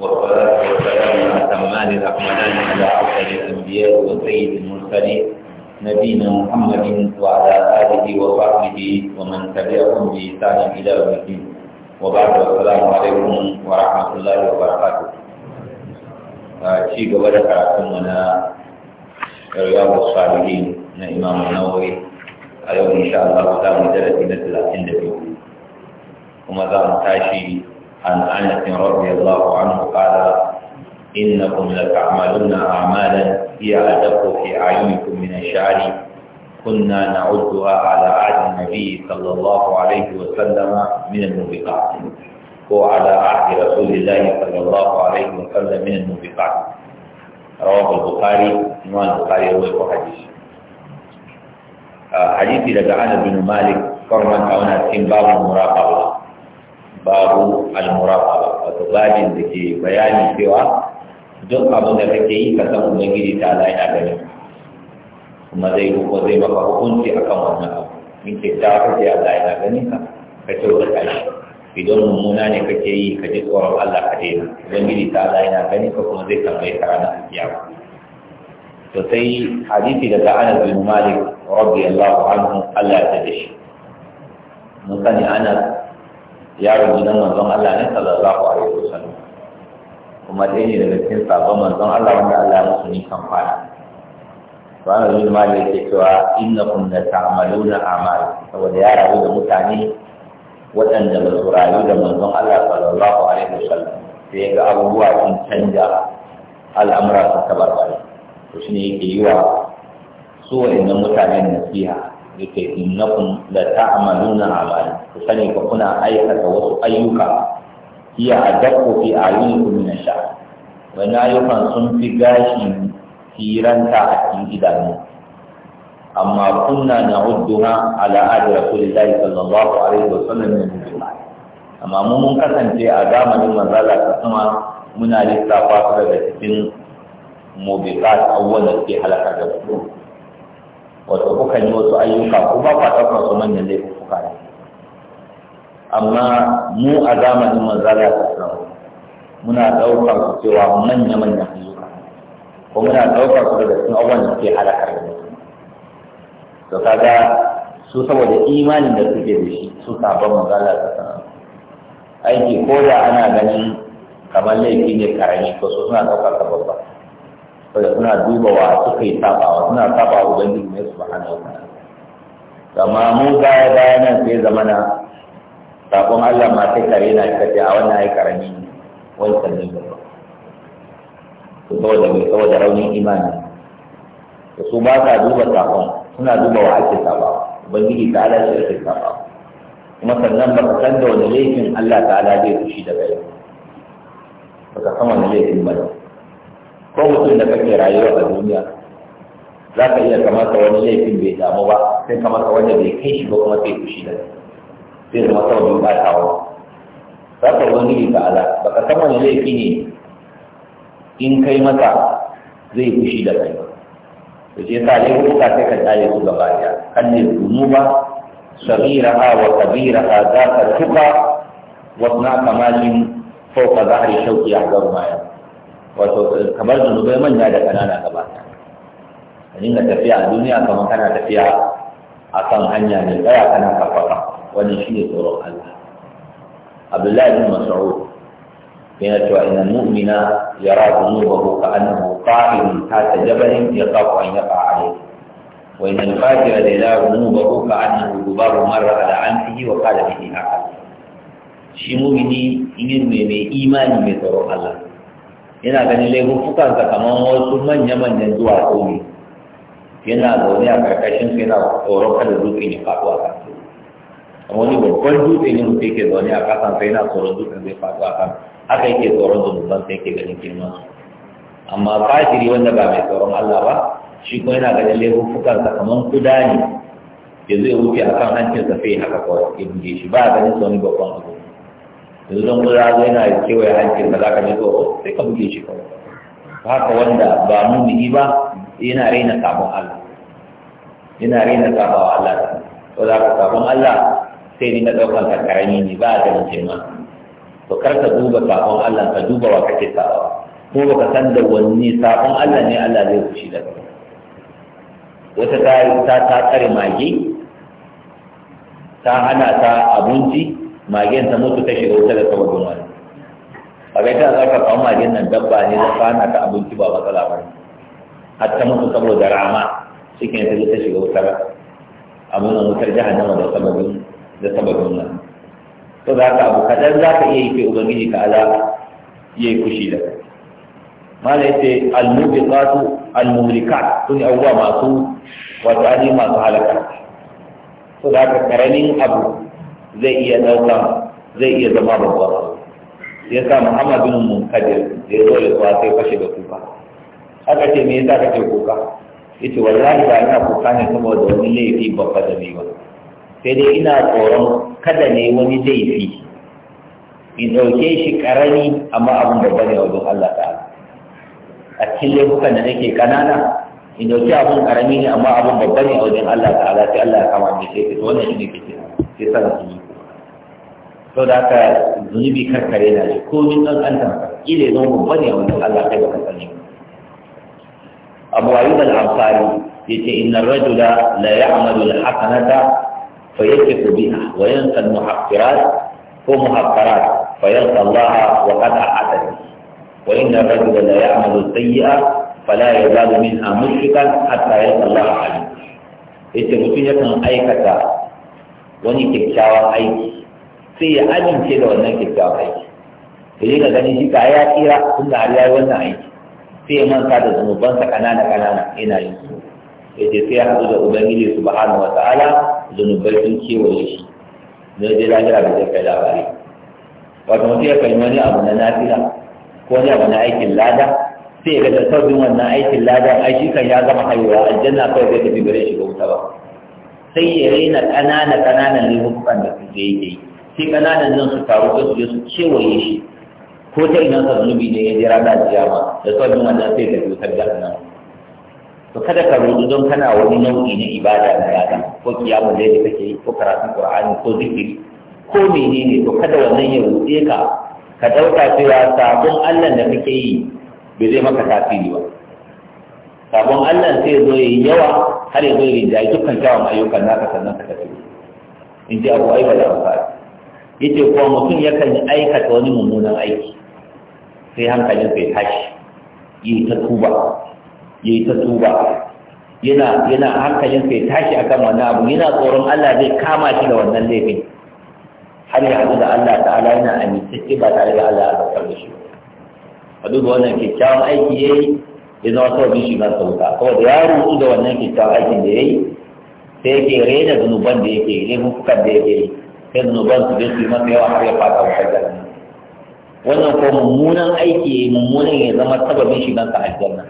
والصلاة والسلام الأتمان الأكملان على أفضل الأنبياء وسيد المرسلين نبينا محمد وعلى آله وصحبه ومن تبعهم بإحسان إلى يوم الدين وبعد السلام عليكم ورحمة الله وبركاته آه، شيء قبل كراتمنا رياض الصالحين من إمام النووي اليوم إن شاء الله تعالى درسنا 32 وما زال تاشي عن أنس رضي الله عنه قال إنكم لتعملون أعمالا هي أدق في أعينكم من الشعر كنا نعدها على عهد النبي صلى الله عليه وسلم من الموبقات وعلى عهد رسول الله صلى الله عليه وسلم من الموبقات رواه البخاري إمام البخاري رواه حديث آه، حديث لدعان بن مالك فرمت أونا باب المراقبة babu al-muraqaba wato babin da ke bayani cewa duk abin da kake yi ka san ubangiji ta Allah yana gani kuma zai ko zai maka hukunci akan wannan abu in ce ta kace Allah yana gani ka ka ce wa kai idan mummuna ne kake yi ka ji tsoron Allah ka daina ubangiji ta Allah yana gani ka kuma zai tambaye ka ranar kiyama to sai hadisi daga Anas bin Malik radiyallahu anhu Allah ya tada shi mun sani Anas yaron gidan manzon Allah ne sallallahu alaihi wasallam kuma dai ne daga cikin sabon manzon Allah wanda Allah ya musu nisan kwana to ana zuwa ma da yake cewa inna kun da ta'amaluna amal saboda ya rayu da mutane waɗanda ba su rayu da manzon Allah sallallahu alaihi wasallam sai ga abubuwa sun canja al'amura sun tabarbare to shine yake yi wa su wa'annan mutanen nasiha yake innakum la ta'maluna amali ku sani ko kuna aikata wasu ayyuka ya adaku fi ayyukum min ash-sha'r wa ayyukan sun fi gashi tiranta a cikin idanu amma kunna na'udduha ala kulli dai sallallahu alaihi wa sallam min al amma mun kasance a zamanin manzala ta kuma muna lissafa su daga cikin mubiqat awwal da ke halaka da su wato kuka yi wasu ayyuka ko ba ku ɗaukar su manyan laifuka ne amma mu a zamanin manzara ta samu muna ɗaukar su cewa manya-manyan ayyuka ko muna ɗaukar su daga cikin abubuwan da suke halakar da su to kaga su saboda imanin da suke da shi su sabon manzara ta samu aiki ko da ana ganin kamar laifi ne karami ko su suna ɗaukar sa babba saboda suna duba wa suka yi tabawa suna sabawa ubangiji ne subhanahu wa ta'ala kama mu baya baya nan sai na. sakon Allah ma sai kare na ita ce a wannan ai karami wancan ne ba saboda mai saboda raunin imani da su ba sa duba sakon suna duba wa ake tabawa ubangiji ta ala shi ake tabawa kuma sannan ba ka san da wani laifin Allah ta'ala zai fushi daga yau ba ka san wani laifin ba ko mutum da kake rayuwa a duniya za ka iya ka wani laifin bai damu ba sai ka wanda bai kai shi ba kuma sai fushi da sai zama sababin batawa za ka wani ga ala ba ka san wani laifi ne in kai mata zai fushi da kai ba je sa dai hukuka sai ka tsaye su gaba ɗaya kan ne zunuba صغيرها وكبيرها ذاك التقى واصنع كمال فوق ظهر شوق يحذر ما يرى wato kamar zunubai manya da kanana gaba ka dinga tafiya a duniya kamar kana tafiya a kan hanya ne tsaya kana kafafa wani shi ne tsoron Allah Abdullahi bin Mas'ud yana cewa inna mu'mina yara dhunubahu ka'annahu qa'idun ta jabalin yaqafu an yaqa alayhi wa inna al-fajira la yara dhunubahu ka'annahu gubaru marra ala anfihi wa qala bihi ahad shi mu'mini in mai imani mai tsoron Allah yana ganin laifukansa kamar wasu manya-manyan zuwa ne yana zaune a karkashin su yana tsoron kada dutse ne faɗo a kan amma wani babban dutse ne mutum yake zaune a kasan sai na tsoron dutse zai faɗo a kan haka yake tsoron zunuban sai yake ganin girman su amma kafiri wanda ba mai tsoron Allah ba shi kuma yana ganin laifukansa kamar kuda ne ya zai wuce a kan hancinsa sai haka kawai ya buge shi ba a ganin sa wani babban abu yanzu don kuza zo yana kewaye hankali ka za ka ji tsoro sai ka buge shi kawai haka wanda ba yi ba yana raina sabon Allah yana raina sabon Allah ko za ka sabon Allah sai ni na ɗaukan ka karami ne ba a ganin girma to kar ka duba sabon Allah ka duba wa kake sabawa ko baka san da wanne sabon Allah ne Allah zai fushi da kai wata ta ta tsare mage ta hana ta abinci magen ta mutu ta shiga wuta da wajen wani a gaita za ka kawo magen nan dabba ne da fana ta abinci ba matsala ba har ta mutu saboda rama cikin ta ta shiga wuta wutar a nan wutar jahannama da sababin da sababin nan to za ka abu kaɗan za ka iya yi ke ubangiji ka ala ya yi kushi da mala ya ce almubiqatu almuhlikat sun yi abubuwa masu wata ani masu halaka to za ka karamin abu zai iya ɗauka zai iya zama babba ya sa muhammadin mu munkadir da ya zo da zuwa sai fashe da kuka aka ce me yasa kake kuka yace wallahi ba ina kuka ne saboda wani laifi babba da ni ba sai dai ina tsoron kada ne wani laifi in ɗauke shi ƙarami amma abin babba ne wajen Allah ta'ala a cikin laifukan da nake ƙanana in dauke abun karami ne amma abun babba ne a wajen Allah ta'ala sai Allah ya kama ni sai wannan shi ne ke kira sai sa sau da haka zunubi karkare na shi komin ɗan an tafi ƙila ya zama babba ne a wannan allah kai baka sani abu ayyub al-ansari yace inna rajula la ya'malu al-hasanata fa yakfu biha wa yansa al-muhaqqirat ko muhaqqirat fa yansa allah wa qad ahata wa inna rajula la ya'malu sayyi'a fala yazalu minha mushrikan hatta yalqa Allah alim yace mutum yakan aikata wani kyakkyawan aiki sai ya amince da wannan kyakkyawan aiki ya yi ka gani shi ka ya tsira tun da har ya yi wannan aiki sai ya manta da zunubansa ƙanana ƙanana yana yin su ya ce sai ya haɗu da ubangiji su ba hannu wata ala zunubai sun kewaye shi na je lahira da zai kai labari wato mutum ya kan wani abu na nafila ko wani abu na aikin lada sai ya ga da sabbin wannan aikin lada ai shi kan ya zama haihuwa aljanna kawai zai tafi bare shi ga wuta ba sai ya raina ƙanana ƙananan laifukan da suke yake yi sai ƙananan nan su taru ko su je su kewaye shi ko ta ina sa zunubi ne ya jira da jiyama da sauran wannan sai da cutar da nan to kada ka roƙi don kana wani nau'i na ibada na yada ko kiyamun da kake yi ko karatun qur'ani ko zikiri ko menene to kada wannan ya rutse ka ka ɗauka cewa sabon Allah da kake yi bai zai maka tasiri ba sabon Allah sai zo yi yawa har ya zo ya rinjaye dukkan kyawun ayyukan naka sannan ka tafi in ji abu ai ba da amfani yace kuwa mutum yakan aikata wani mummunan aiki sai hankalin bai tashi yi ta tuba yi ta tuba yana yana hankalin bai tashi akan wannan abu yana tsoron Allah zai kama shi da wannan laifin har ya haɗu da Allah ta'ala yana amintacce ba tare da Allah ya zartar da shi a duba wannan kyakkyawan aiki ya yi ya zama shi shiga sauka kawai da ya rutu da wannan kyakkyawan aikin da ya yi sai yake raina zunuban da yake laifukan da yake yi ibn da zai yi masa yawa har ya fata wa aljanna wannan ko mummunan aiki mummunan ya zama sababin shigansa aljanna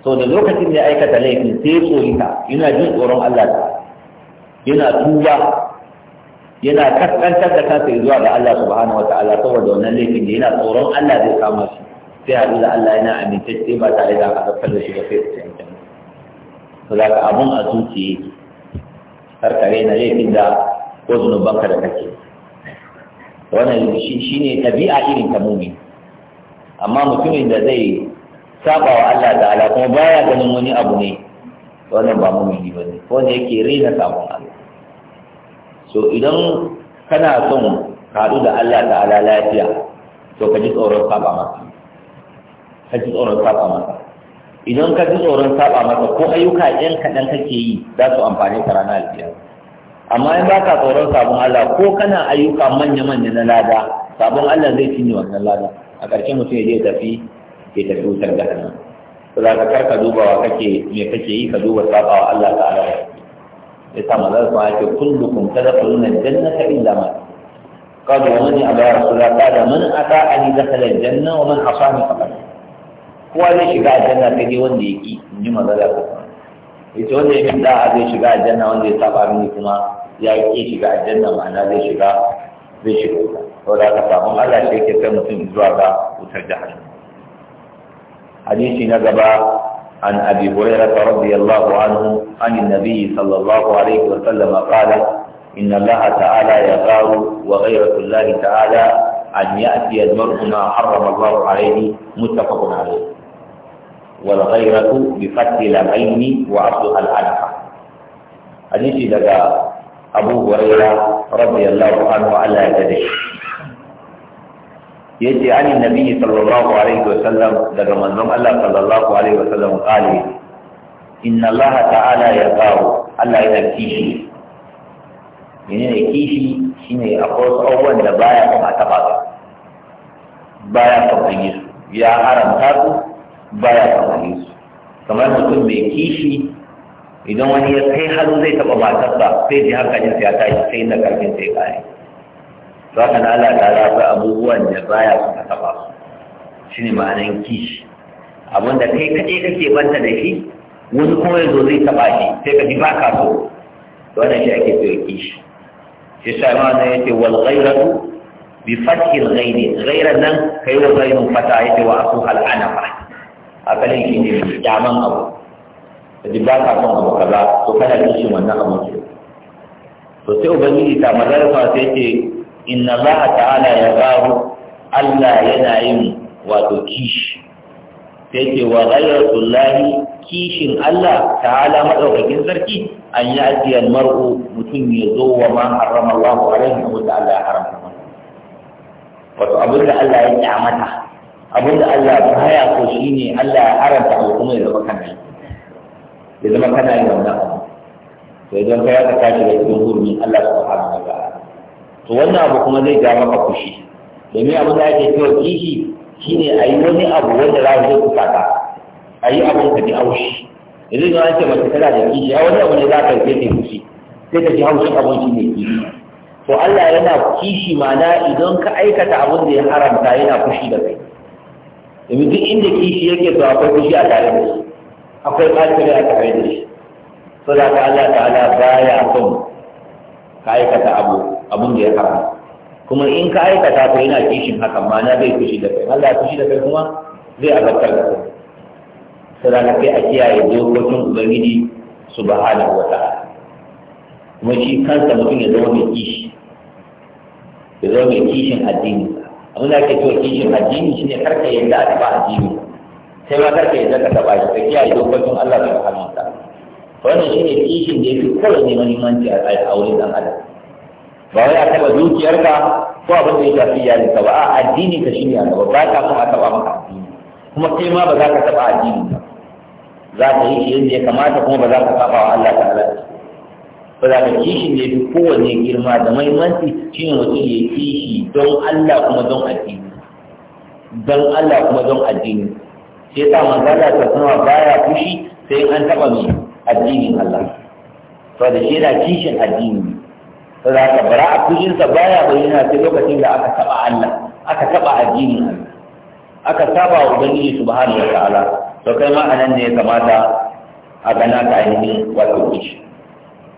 so da lokacin da ya aikata laifin sai tsorita yana jin tsoron Allah ta yana tuba yana kaskantar da kansa zuwa ga Allah subhanahu wataala saboda wannan laifin da yana tsoron Allah zai kama shi sai haɗu da Allah yana amintacce ba tare da azabtar da shi ba sai su cancanta to abun a zuciye har na laifin da ko zunubanka da kake wannan shi ne ɗabi'a irin ta mumi amma mutumin da zai saba wa Allah ta'ala kuma baya ganin wani abu ne wannan ba mumi ba ne ko ne yake rena sabon Allah so idan kana son haɗu da Allah ta'ala lafiya to ka ji tsoron saba masa ka ji tsoron saba masa idan ka ji tsoron saba masa ko ayyuka ɗan kaɗan kake yi za su amfani ka ranar alfiyar amma in ka tsoron sabon Allah ko kana ayyuka manya-manya na lada sabon Allah zai cinye wannan lada a ƙarshe mutum ya je tafi ya tafi wutar jahannam to za ka karka dubawa kake me kake yi ka duba wa Allah ta'ala ya sa maza su ma yake kullukum tadkhuluna jannata illa man قالوا a أبى رسول الله قال من أطاعني a sa ni عصاني فقد kowa zai shiga janna ta dai wanda ya ki in ji manzala ko ita wanda ya fi da'a zai shiga janna wanda ya saba mini kuma ya ki shiga aljanna ma'ana zai shiga zai shiga wuta da haka samu Allah shi yake kai mutum zuwa ga wutar jahannam hadisi na gaba عن أبي هريرة رضي الله عنه عن النبي صلى الله عليه وسلم قال إن الله تعالى يغار وغيرة الله تعالى أن يأتي المرء ما حرم الله عليه متفق عليه والغيرة بفتح العين وعبدها العنقة حديث لقى abu huraira radiyallahu anhu Allah ya gade yace ani nabi sallallahu alaihi wasallam daga manzon Allah sallallahu alaihi wasallam kale inna Allah ta'ala ya qawo Allah yana kishi menene kishi shine akwai wasu da baya son a taba baya son a ya haramta su baya son a yi su kamar mutum mai kishi idan wani ya kai hannu zai taɓa matarsa sai ji hankalinsa ya tashi sai inda karfinsa sai kare to haka na Allah ta zafi abubuwan da baya suka taɓa su shine ne ma'anan kishi abin da kai kaɗai kake banta da shi wani kuma ya zo zai taɓa shi sai ka ji ba ka so to wannan shi ake so kishi shi sa ma na yace wal ghairatu bi fathi al ghairi ghairan nan kai wa ghairun fata yace wa asu al anafa akalin shi ne kyaman abu kaji ba ka son abu kaza to kana kishin wannan abu ke to sai ubangiji ta madarfa sai ce inna Allah ta'ala ya garu Allah yana yin wato kishi sai ce wa ghayratullahi kishin Allah ta'ala madaukakin sarki an yi ajiyar mar'u mutum ya zo wa ma harama Allah alaihi wa ta'ala ya haramta wato abin da Allah ya kyamata abin da Allah baya so shine Allah ya haramta abu kuma ya zama kan ya zama kana yin wannan abu to idan ka yaka ka shiga cikin hurmi Allah subhanahu wa ta'ala to wannan abu kuma zai ja maka fushi domin abin da ake cewa kishi shine a yi wani abu wanda za ka zo ku kaka a yi abin ka ji haushi Idan ga wani mace tana da kishi a wani abu ne za ka yi sai ta fushi sai ka ji haushin abin shi ne kishi to Allah yana kishi mana idan ka aikata abin da ya haramta yana fushi da kai domin duk inda kishi yake to akwai fushi a tare da shi akwai ɓacin a tare da shi so da ka Allah ta'ala baya son ka aikata abu abun da ya haram kuma in ka aikata ko yana kishin haka, ma na zai fushi da kai Allah ya fushi da kai kuma zai azabtar da kai so da kai a kiyaye dokokin ubangiji subhanahu wa ta'ala kuma shi kansa mutum ya zama mai kishi ya zama mai kishin addini abin da ake cewa kishin addini shine karka yadda a taɓa addini sai ma karka ya zaka taɓa shi ka kiyaye dokokin Allah da wa ta'ala wannan shi ne kishin da ya fi kowa mani manci a auren ɗan adam ba wai a taɓa dukiyarka ko abin da ya shafi ka ba a addini ka shi ne a gaba ba ka son a taɓa maka addini kuma kai ma ba za ka taɓa addini ba za ka yi shi yadda ya kamata kuma ba za ka saba wa Allah ta'ala ba za ka kishin da ya fi kowanne girma da mahimmanci shine mutum ya kishi don Allah kuma don addini don Allah kuma don addini shi yasa manzala ta sama baya fushi sai an taba mai addinin Allah to da shi yana kishin addini to da ka bara a fushinsa baya bayyana sai lokacin da aka taba Allah aka taba addinin Allah aka saba wa ubangiji subhanahu wa ta'ala to kai ma anan ne ya kamata a gana ka ainihin wato kishi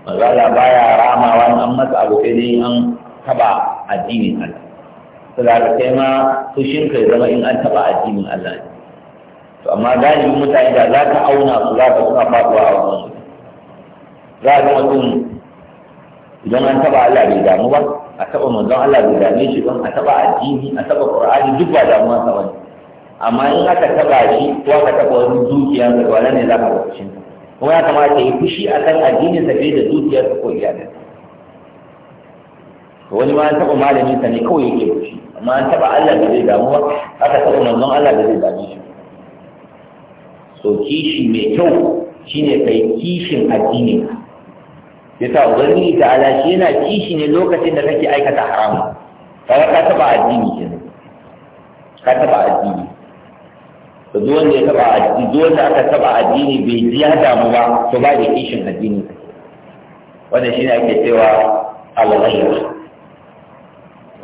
manzala baya ramawa an masa abu sai dai an taba addinin Allah to da kai ma fushinka ya zama in an taba addinin Allah ne to amma galibin mutane da za ka auna su za ka suna faɗuwa a wajen za a ga mutum idan an taɓa Allah bai damu ba a taɓa manzon Allah bai dame shi ba a taɓa addini a taɓa Qur'ani duk ba damuwa sa bane amma in aka taɓa shi ko aka taɓa wani dukiya da wala ne za ka ga fushin kuma ya kamata yi fushi akan addinin sa da dukiyar sa ko iyalin wani ma an taɓa malamin sa ne kawai yake fushi amma an taɓa Allah bai damu ba aka taɓa manzon Allah bai dame shi so kishi mai kyau shine kai kishin addini yasa ubangiji da ala shi yana kishi ne lokacin da kake aikata haramu kaga ka taba addini kenan ka taba addini to duk wanda ya taba addini duk wanda aka taba addini bai ji ya damu ba to ba da kishin addini wannan shine ake cewa al-ghayra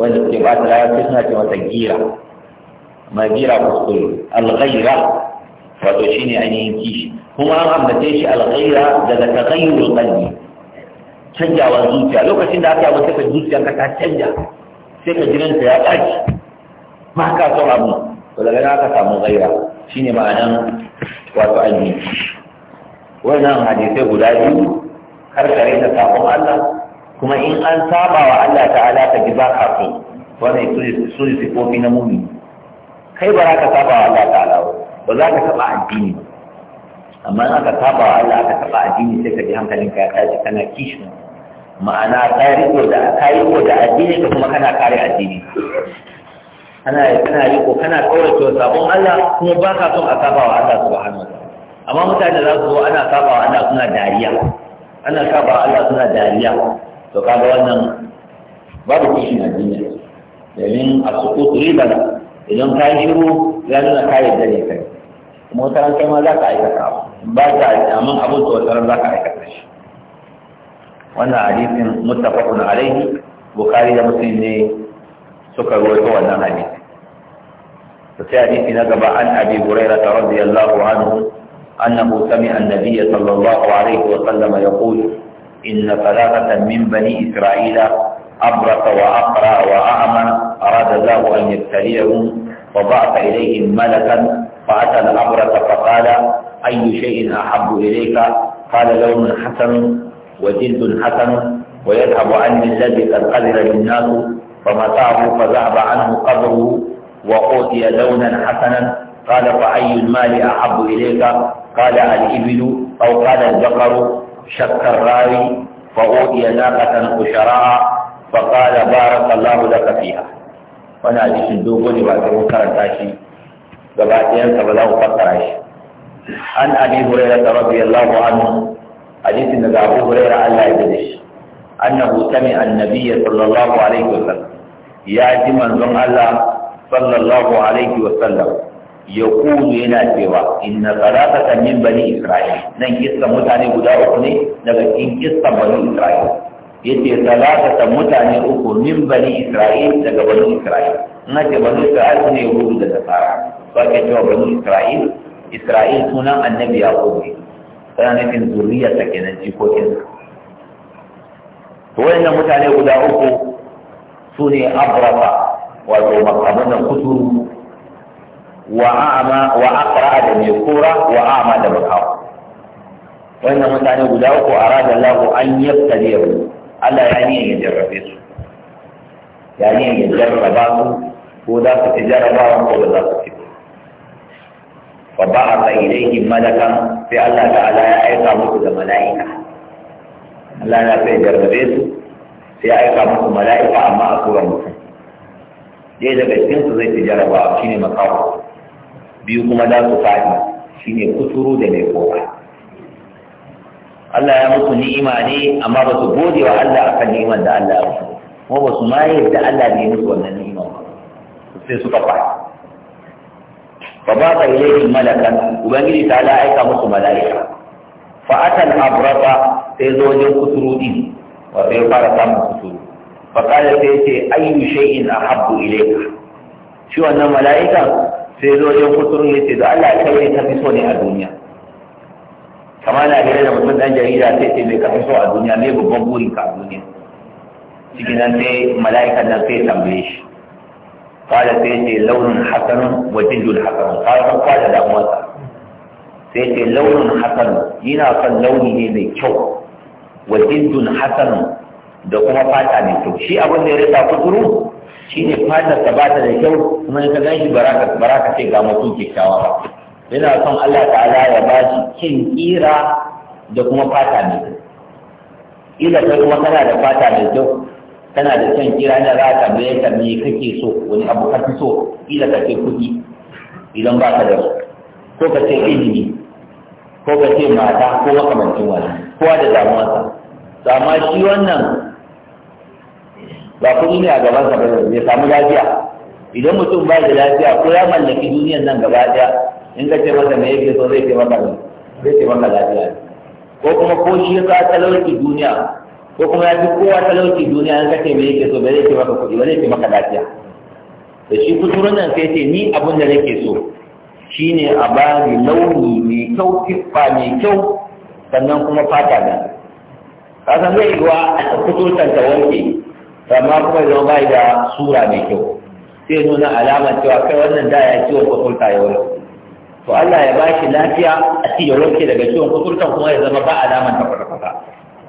wanda suke ba ta lafiya suna ce mata gira ma gira kuskure al-ghayra wato shine ainihin kishi kuma an ambace shi alghaira daga taghayyurul qalbi canjawar zuciya lokacin da aka yi maka zuciya ta canja sai ka jiran ta ya baki ba ka son abu to daga nan ka samu ghaira shine ma'anan wato ainihin kishi wannan hadisai guda biyu kar ka rena sakon Allah kuma in an saba wa Allah ta'ala ka ji ba ka so wannan su ne sifofi na mumi kai ba za ka saba wa Allah ta'ala ba ba za ka taɓa addini ba amma aka taɓa Allah aka taɓa addini sai ka ji ka ya tashi kana kishin ma'ana ka riko da ka riko da addini ka kuma kana kare addini kana kana riko kana kaurace sabon Allah kuma ba ka son a saba wa Allah subhanahu wa amma mutane za su zo ana saba wa Allah suna dariya ana saba wa Allah suna dariya to kaga wannan babu kishin addini domin a sukutu riba idan ka yi shiru ya nuna ka yarda ne kai kuma ran kai ma za ka aikata ba ta amma abin to za ka aikata shi wannan hadisin muttafaqun alaihi bukari da muslim ne suka ruwaito wannan hadisi to sai hadisi na gaba an abi hurairah radiyallahu anhu أنه سمع النبي صلى الله عليه وسلم يقول إن ثلاثة من بني إسرائيل أبرص وأقرع وأعمى أراد الله أن يبتليهم وبعث إليهم ملكا فأتى الأبرة فقال أي شيء أحب إليك قال لون حسن وجلد حسن ويذهب عني الذي قد قدر للناس فمتاه فذهب عنه قبره وأوتي لونا حسنا قال فأي المال أحب إليك قال الإبل أو قال البقر شك الراوي فأوتي ناقة قشراء فقال بارك الله لك فيها ونادي حديث دوغوني واترون كرن تاشي gaba ɗayansa ba za mu fassara shi an abi hurairah radiyallahu anhu hadisin daga abu hurairah Allah ya dade shi annahu sami annabiyya sallallahu alaihi wasallam ya ji manzon Allah sallallahu alaihi wasallam ya kulu yana cewa inna salatata min bani isra'il nan kissan mutane guda uku ne daga cikin kissan bani isra'il yace salatata mutane uku min bani isra'il daga bani isra'il in ce bani isra'il ne ya yahudu da tsara. ba ke cewa bani isra'il isra'il sunan annabi yaqub ne tana nufin zuriyarsa kenan jikokinsa to wayannan mutane guda uku su ne abrafa wato makamun nan kuturu wa a'ama da mai kura wa a'ama da makawa wannan mutane guda uku arada Allah an yabtaliyahu Allah ya ne ya jarrabe su ya ne ya jarraba su ko za su ci jarrabawa ko ba za su ci fa ba'atha ilayhim malakan sai Allah ta'ala ya aika musu da mala'ika Allah na fi jarrabe su sai ya aika musu mala'ika amma a tura mutum dai daga cikin su zai fi jarabawa shine makawo biyu kuma za su fadi shine kusuru da mai kowa Allah ya musu ni'ima ne amma ba su gode wa Allah akan ni'imar da Allah ya musu kuma ba su ma yadda Allah ne musu wannan ni'imar sai suka fadi fa ba ka ilayhi malakan ubangiji ta la aika musu malaika fa atal abrata sai zo wajen kuturu din wato ya fara samun kuturu fa kala sai ce ayyu shay'in ahabbu ilayka shi wannan malaika sai zo wajen kuturu ya ce da Allah kai ne ka fi so ne a duniya kamar na gare da mutum dan jarida sai ce mai kafi so a duniya mai babban burin ka a duniya cikin nan sai mala'ikan nan sai tambaye shi kala sai ce launin hasanun wa jildun hasanun ka san kwada damuwarsa sai ce launin hasanun yana son launi ne mai kyau wa jildun hasanun da kuma fata mai kyau shi abin da ya rasa kuturu shi ne fatar ta ba ta da kyau kuma ka gan shi baraka ce ga mutum kyakkyawa ba yana son Allah ta'ala ya ba shi kin kira da kuma fata mai kyau ila kai kuma kana da fata mai kyau kana da son kira na za ka bai ka mai kake so wani abu ka fi so kila ka ce kuɗi idan ba ka da su ko ka ce ilimi ko ka ce mata ko makamancin wani kowa da damuwarsa to amma shi wannan ba kuɗi ne a gaban sa ba ya samu lafiya idan mutum ba da lafiya ko ya mallaki duniyan nan gaba ɗaya in ka ce masa me yake so zai ce maka zai ce maka lafiya ko kuma ko shi ya ka talauci duniya ko kuma ya fi kowa talauci duniya an kace me yake so bai zai maka kuɗi ba zai maka lafiya da shi kuturan nan sai ce ni abin da nake so shine a ni launi mai kyau kiffa mai kyau sannan kuma fata da ka san zai yiwa a kuturtan ta wanke amma kuma ya zama bai da sura mai kyau sai nuna alamar cewa kai wannan da ya ciwon kuturta ya wanke to Allah ya ba shi lafiya a ci ya wanke daga ciwon kuturtan kuma ya zama ba alamar ta kwata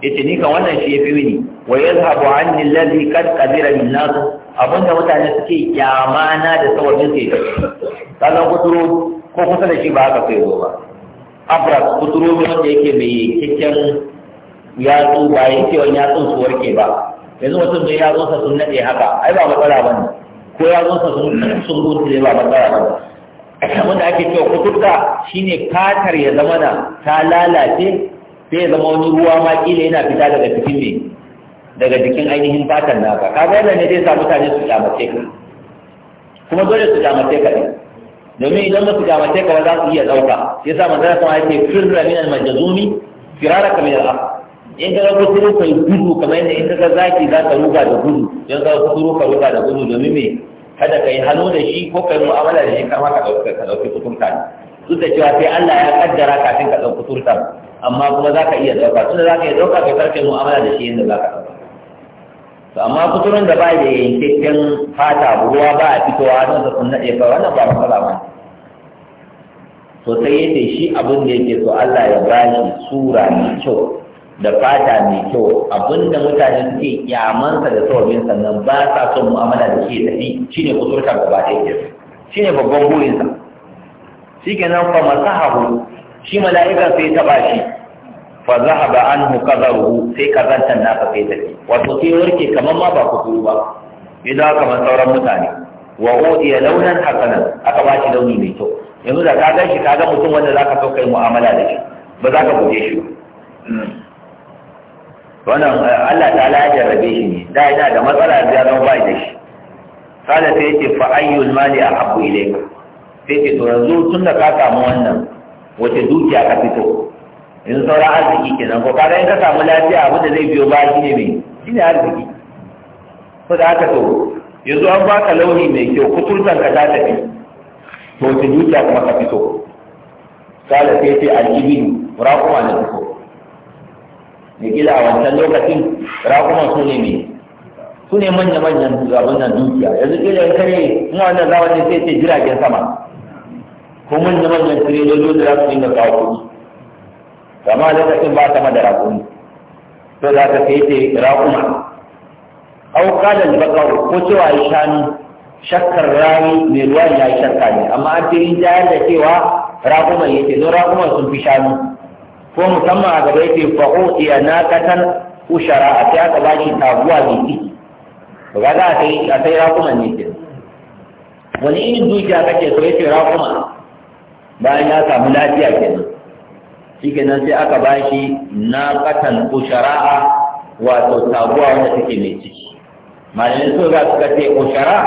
yace ni kan wannan shi yafi mini wa yadhhabu anni alladhi qad kabira min nas abunda mutane suke kyama na da sawabin sai da sannan kuturo ko kusa da shi ba haka kai zo ba abras kuturo ne wanda yake mai kyakkyan yatsu ba yake wani yatsun su warke ba yanzu mutum ne ya zo sa sun naɗe haka ai ba matsala ba ne, ko ya zo sa sun sun gudu ne ba matsala bane wanda ake cewa kuturta shine fatar ya zama na ta lalace sai ya zama wani ruwa ma kila yana fita daga cikin ne daga jikin ainihin fatan naka ga yadda ne zai sa mutane su kyamace ka kuma dole su kyamace ka ne domin idan ba su kyamace ka ba za su iya ɗauka ya sa manzara kuma yake firra min al-majazumi firara ka min al in ka ga kuturu ka yi gudu kamar yadda in ka ga zaki za ka ruga da gudu don ka kuturu ka ruga da gudu domin me kada ka yi hannu da shi ko ka yi mu'amala da shi kama ka ɗauki kuturta ne duk da cewa sai Allah ya kaddara kafin ka ɗauki kuturta amma kuma za ka iya ɗauka tunda za ka iya ɗauka ka karfe mu'amala da shi yadda za ka ɗauka to amma kuturin da ba da yankakken fata ruwa ba a fitowa don sa sun naɗe fa wannan ba matsala ba to sai shi abin da yake so Allah ya bashi sura mai kyau da fata mai kyau abinda mutane suke kyamansa da saurin sannan ba sa son mu'amala da shi ya tafi shine kusurta gaba ɗaya ke shi ne babban burinsa shi ke nan fa masahahu shi mala'ika sai ba shi fa zahaba anhu qadaruhu sai kazantan naka sai tafi wato sai warke kaman ma ba ku ba idan kamar sauran mutane wa udiya launan hasanan aka ba shi launi mai kyau yanzu da ka gan shi ka ga mutum wanda zaka so kai mu'amala da shi ba za ka guje shi wannan eh, Allah ta'ala ya jarrabe shi ne da yana da matsala da zama ba da shi kada sai yace fa ayyul mali ahabbu ilayka sai ce to yanzu da ka samu wannan wace dukiya ka fito yanzu sauran arziki kenan ko kaga yin ka samu lafiya abin da zai biyo ba shi ne mai shi ne arziki ko da aka to yanzu an baka launi mai kyau kuturtan ka ta tafi to ta dukiya kuma ka fito kala sai ce aljibi rakuma na fito da gida a wancan lokacin raƙuma su ne mai su ne manya-manyan abin nan dukiya yanzu kila da kare in wannan ne sai ce jiragen sama ko manya-manyan tirelolo da za su dinga kawo kuɗi kama ta ba sama da raƙumi to za ka sai ce raƙuma au kalan bakar ko cewa ya shanu shakkar rawi mai ruwa ya yi shakka ne amma an ce in jayar da cewa raƙuma ya ce don raƙuma sun fi shanu ko musamman a gaba yake fa'o iya na katan ushara a ta yaka bashi taguwa mai ciki to ga za a sai raƙuman ne ke wani irin dukiya kake so ya ce raƙuma bayan ya samu lafiya kenan nan sai aka bashi naqatan ushara'a wato taguwa wanda take mai ciki malamin so za su ce ushara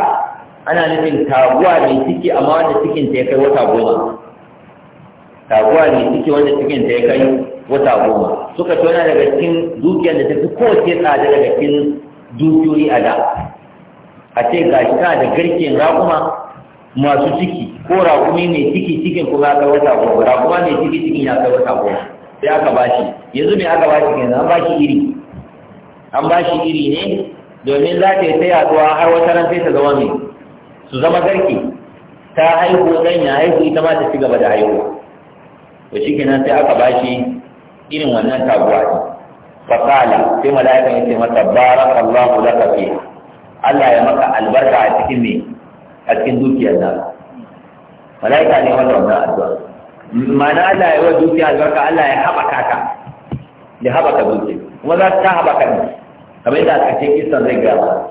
ana nufin taguwa mai ciki amma wanda cikin ta ya kai wata goma taguwa mai ciki wanda cikin ta ya kai wata goma suka ce wani daga cikin dukiyar da ta fi kowace tsada daga cikin dukiyoyi a da a ce ga shi tana da garken raƙuma masu ciki ko raƙumi mai ciki cikin ku za ka wata goma raƙuma mai ciki cikin ya ta wata goma sai aka bashi yanzu me aka bashi kenan an ba shi iri an bashi iri ne domin za ta yi ta yaduwa har wata ran sai ta zama mai su zama garke ta haihu ɗan ya haihu ita ma ta ci gaba da haihuwa to shi kenan sai aka bashi irin wannan taguwa ne fakala sai mala'ikan ya ce masa barakallahu laka fiha Allah ya maka albarka a cikin ne a cikin dukiyar da malaika ne wanda wannan addu'a mana Allah ya wa dukiya albarka Allah ya haɓaka ka ya habaka dukiya kuma za ta haɓaka ne kamar yadda aka ce kisan zai ba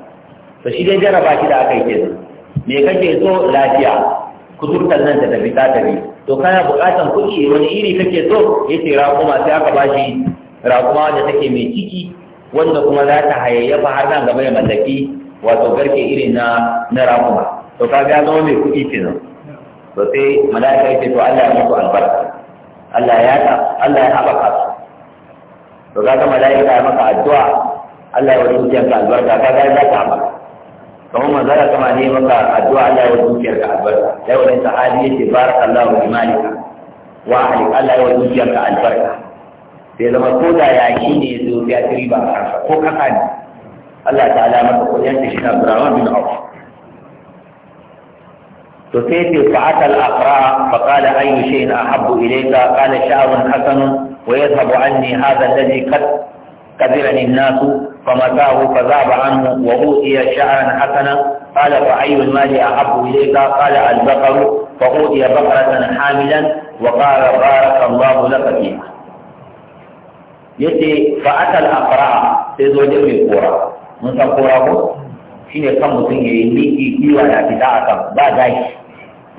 to shi dai jaraba shi da aka yi kenan me kake so lafiya kuturtar nan ta tafi ta tafi to kana buƙatar kuɗi wani iri kake so ya ce raƙuma sai aka bashi raƙuma wanda take mai ciki wanda kuma za ta hayayyafa har nan gaba ya mallaki wato garke irin na na raƙuma to ka ga zama mai kuɗi nan. Ba sai mala'ika ya ce to Allah ya muku albarka Allah ya ta Allah ya haɓaka su to ka ga mala'ika ya maka addu'a Allah ya wani zuciyarka albarka ka ga za ta haɓaka kamar manzara kama ne maka addu'a Allah ya wani zuciyarka albarka Ya wani sahabi ya ce barakallahu wa malika wa ahli Allah ya wani zuciyarka albarka sai zama ko da yaƙi ne ya zo ya ci riba a kansa ko kaka ne Allah ta'ala maka kuɗin da shi na Abdurrahman bin Auf تتيت فأتى الأقراء فقال أي شيء أحب إليك قال شعر حسن ويذهب عني هذا الذي قد كبرني الناس فمتاه فذاب عنه وأوتي شعرا حسنا قال فأي المال أحب إليك قال البقر فأوتي بقرة حاملا وقال بارك الله لك فيها يتي فأتى الأقراء aqra sai zo da mai kora mun san kora ko shine kan mutum yayi liki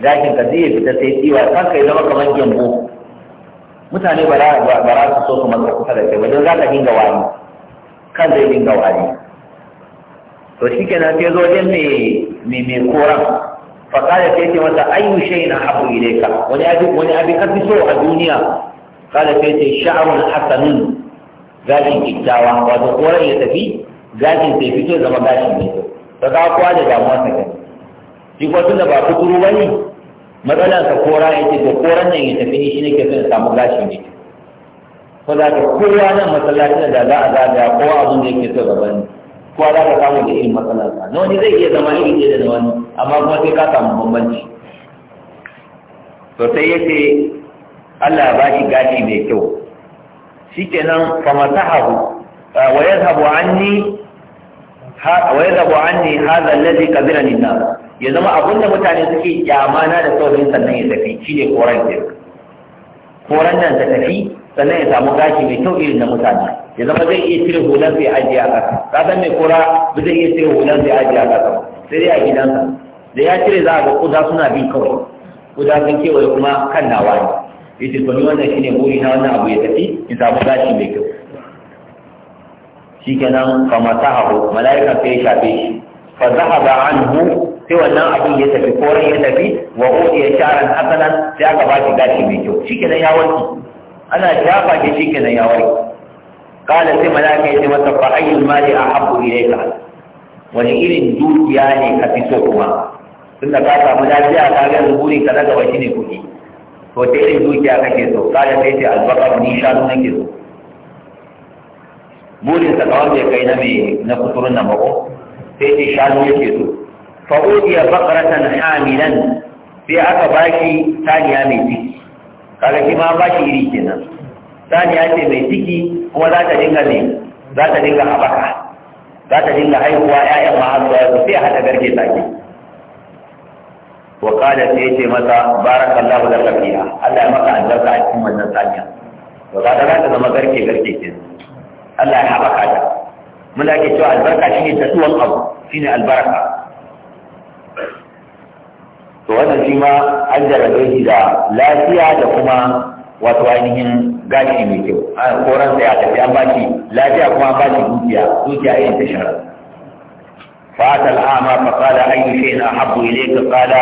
gashin ka zai fita sai tsiwa kan kai zama kamar gyambo mutane ba za su so su maka kusa da kai wajen za ka dinga wani kan zai dinga wani to shi kenan sai zo wajen mai mai koran fakala sai ce masa ayyu shay na habu ilaika wani abi wani abu ka fi so a duniya kala sai ce sha'run hasanun gashin kikkiawa wato koran ya tafi gashin sai fito zama gashin mai kyau ka ga kowa da damuwar ta kenan duk wasu da ba kuturu ne matsalan ka kora ya to koran nan ya tafi ni shi ne ke son samu gashi ne ko za ka kowa nan masallacin da za a zagaya kowa abin da yake so gaban kowa za ka samu da irin matsalar ka na wani zai iya zama irin ɗaya da wani amma kuma sai ka samu bambanci Sosai ya ce Allah ba shi gashi mai kyau shikenan fa masahahu wa yadhhabu anni ويذهب عني هذا الذي كبرني النار ya zama abin da mutane suke kyama na da saurin sannan ya tafi shi ne koren ke koren nan ta tafi sannan ya samu gashi mai kyau irin na mutane ya zama zai iya cire hulan sai ajiye a ƙasa ka san mai kora ba zai iya cire hulan sai ajiye a ƙasa sai dai a gidansa da ya cire za a ga kuda suna bi kawai kuda sun kewaye kuma kan nawa ne ya ce ni wannan shine buri na wannan abu ya tafi ya samu gashi mai kyau kamar ta hau mala'ika sai ya shafe shi fa zahaba anhu sai wannan abin ya tafi koren ya tafi wa uɗi ya sharan hasanan sai aka ba shi gashi mai kyau shi kenan ya warke ana shafa ke shi kenan ya warke kala sai malaka ya ce masa fa ayyul mali ahabbu ilayka wani irin dukiya ne ka fi so kuma tunda ka samu lafiya ka ga burin ka daga gaba ne kuɗi to ta irin dukiya kake so kala sai ce albaka ni shanu nake so burin sa kawai kai na mai na kusurun nan ba sai ce shanu yake so fa'udiya bakaratan hamilan sai aka bashi saniya mai ciki kaga shi ma bashi iri kenan saniya ce mai ciki kuma za ta dinga ne za ta dinga haɓaka za ta dinga haihuwa ƴaƴan ma har zuwa sai a haɗa garke take wa qala sai yace masa barakallahu laka fiha Allah ya maka albarka a cikin wannan saniya to za ta za ta zama garke garke kenan Allah ya haɓaka ta mun da ake cewa albarka shine tatuwan abu shine albarka to wannan shi ma an jarabe shi da lafiya da kuma wato ainihin gashi mai kyau ko ransa ya tafi an bashi lafiya kuma an bashi dukiya dukiya irin ta shara فأتى الأعمى فقال allahu شيء أحب إليك قال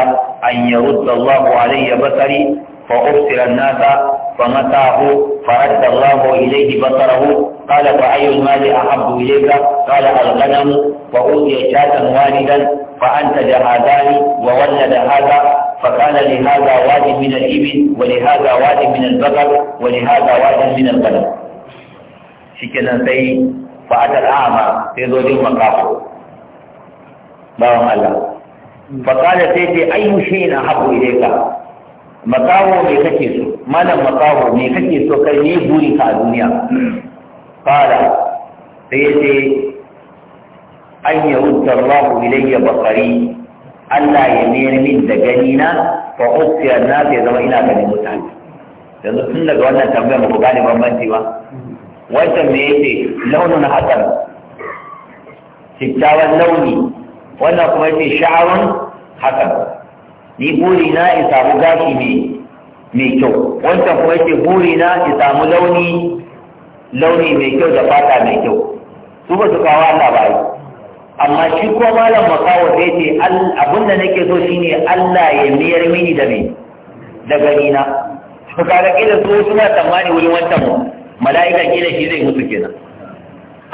أن يرد الله علي بصري فأبصر الناس فمتاه فرد الله إليه بصره mali فأي المال أحب إليك قال الغنم فأوتي شاة والدا فأنتج هذان وولد هذا فكان لهذا واد من الإبل ولهذا واد من البقر ولهذا واد من الغنم شكرا سي فأتى الأعمى في ذو يوم قاصر باهم الله فقال سيدي أي شيء أحب إليك makawo me kake so malam makawo me kake so kai ne buri ka a duniya fara sai ya ce an yarudda Allah ilayya basari Allah ya mayar min da gani na fa usiya na sai zama ina ganin mutane yanzu tun daga wannan tambayar ba ku gane bambanci ba wancan me yake launin hasan kyakkyawan launi wannan kuma yake sha'arun hasan ni buri na in samu gashi ne mai kyau wancan kuma yake buri na in samu launi launi mai kyau da fata mai kyau su ba su kawo Allah ba amma shi ko malam makawa sai ce abin da nake so shine Allah ya miyar mini da me da gani na to kaga kila so suna tsammani wurin wancan mu mala'ika kila shi zai mutu kenan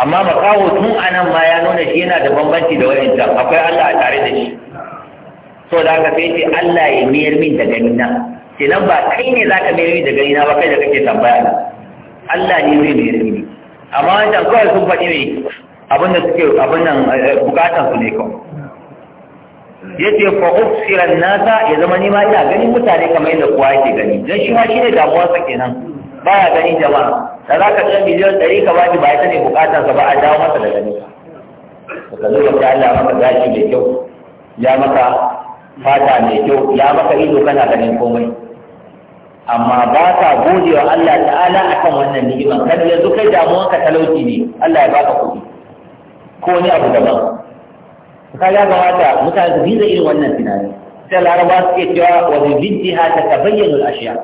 amma makawa tun anan ma ya nuna shi yana da bambanci da can, akwai Allah a tare da shi so da haka sai ce Allah ya miyar min da gani na nan ba kai ne zaka miyar min da gani na ba kai da kake tambaya Allah ne zai miyar mini amma wancan kawai sun faɗi ne abin da suke abin nan eh, eh, bukatan su ne kawai yace fa ufsira nasa ya zama ni ma ina ganin mutane kamar yadda kowa yake gani dan shi ma shi shine damuwar sa kenan baya gani jama'a da za ka san miliyan ɗari ka ba shi ba ya sani bukatar sa ba a dawo masa da gani ka zo ka Allah maka gashi mai kyau ya maka fata mai kyau ya maka ido kana ganin komai amma ba ka gode wa Allah ta'ala akan wannan ni'ima kan yanzu kai damuwar ka talauci ne Allah ya baka kuɗi ko wani abu daban ka ya kamata mutane su biza irin wannan tunani sai laraba ke cewa wa bi biddiha ta tabayyana al-ashiya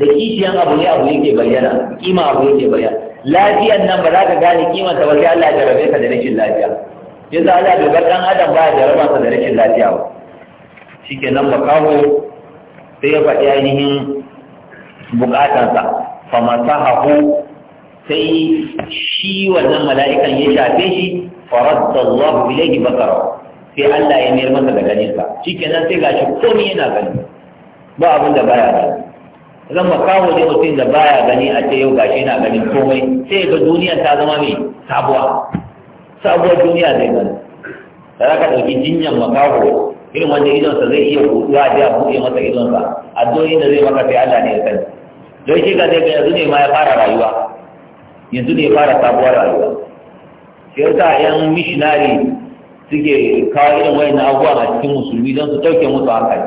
da kishiyan abu ne abu yake bayyana kima abu yake bayyana lafiyan nan ba za ka gane kima ta ba sai Allah ya jarabe ka da rashin lafiya yanzu Allah bai bar dan adam ba ya sa ka da rashin lafiya ba shikenan ba kawo sai ya faɗi ainihin bukatansa famasahahu sai shi wannan mala'ikan ya shafe shi faradda Allah ilayhi basara sai Allah ya mayar masa da ganinsa shikenan sai gashi komai yana gani ba abin da baya gani zan kawo ne mutum da baya gani a ce yau gashi yana ganin komai sai ga duniya ta zama mai sabuwa sabuwar duniya zai gani da za ka ɗauki jinyan makawo irin wanda idonsa zai iya buɗuwa da buɗe masa idonsa addu'o'in da zai maka sai Allah ne ya sani don shi ka zai ga yanzu ne ma ya fara rayuwa yanzu ne ya fara sabuwar rayuwa shi yasa yan missionary suke kawo irin na abubuwan a cikin musulmi don su ɗauke musu hankali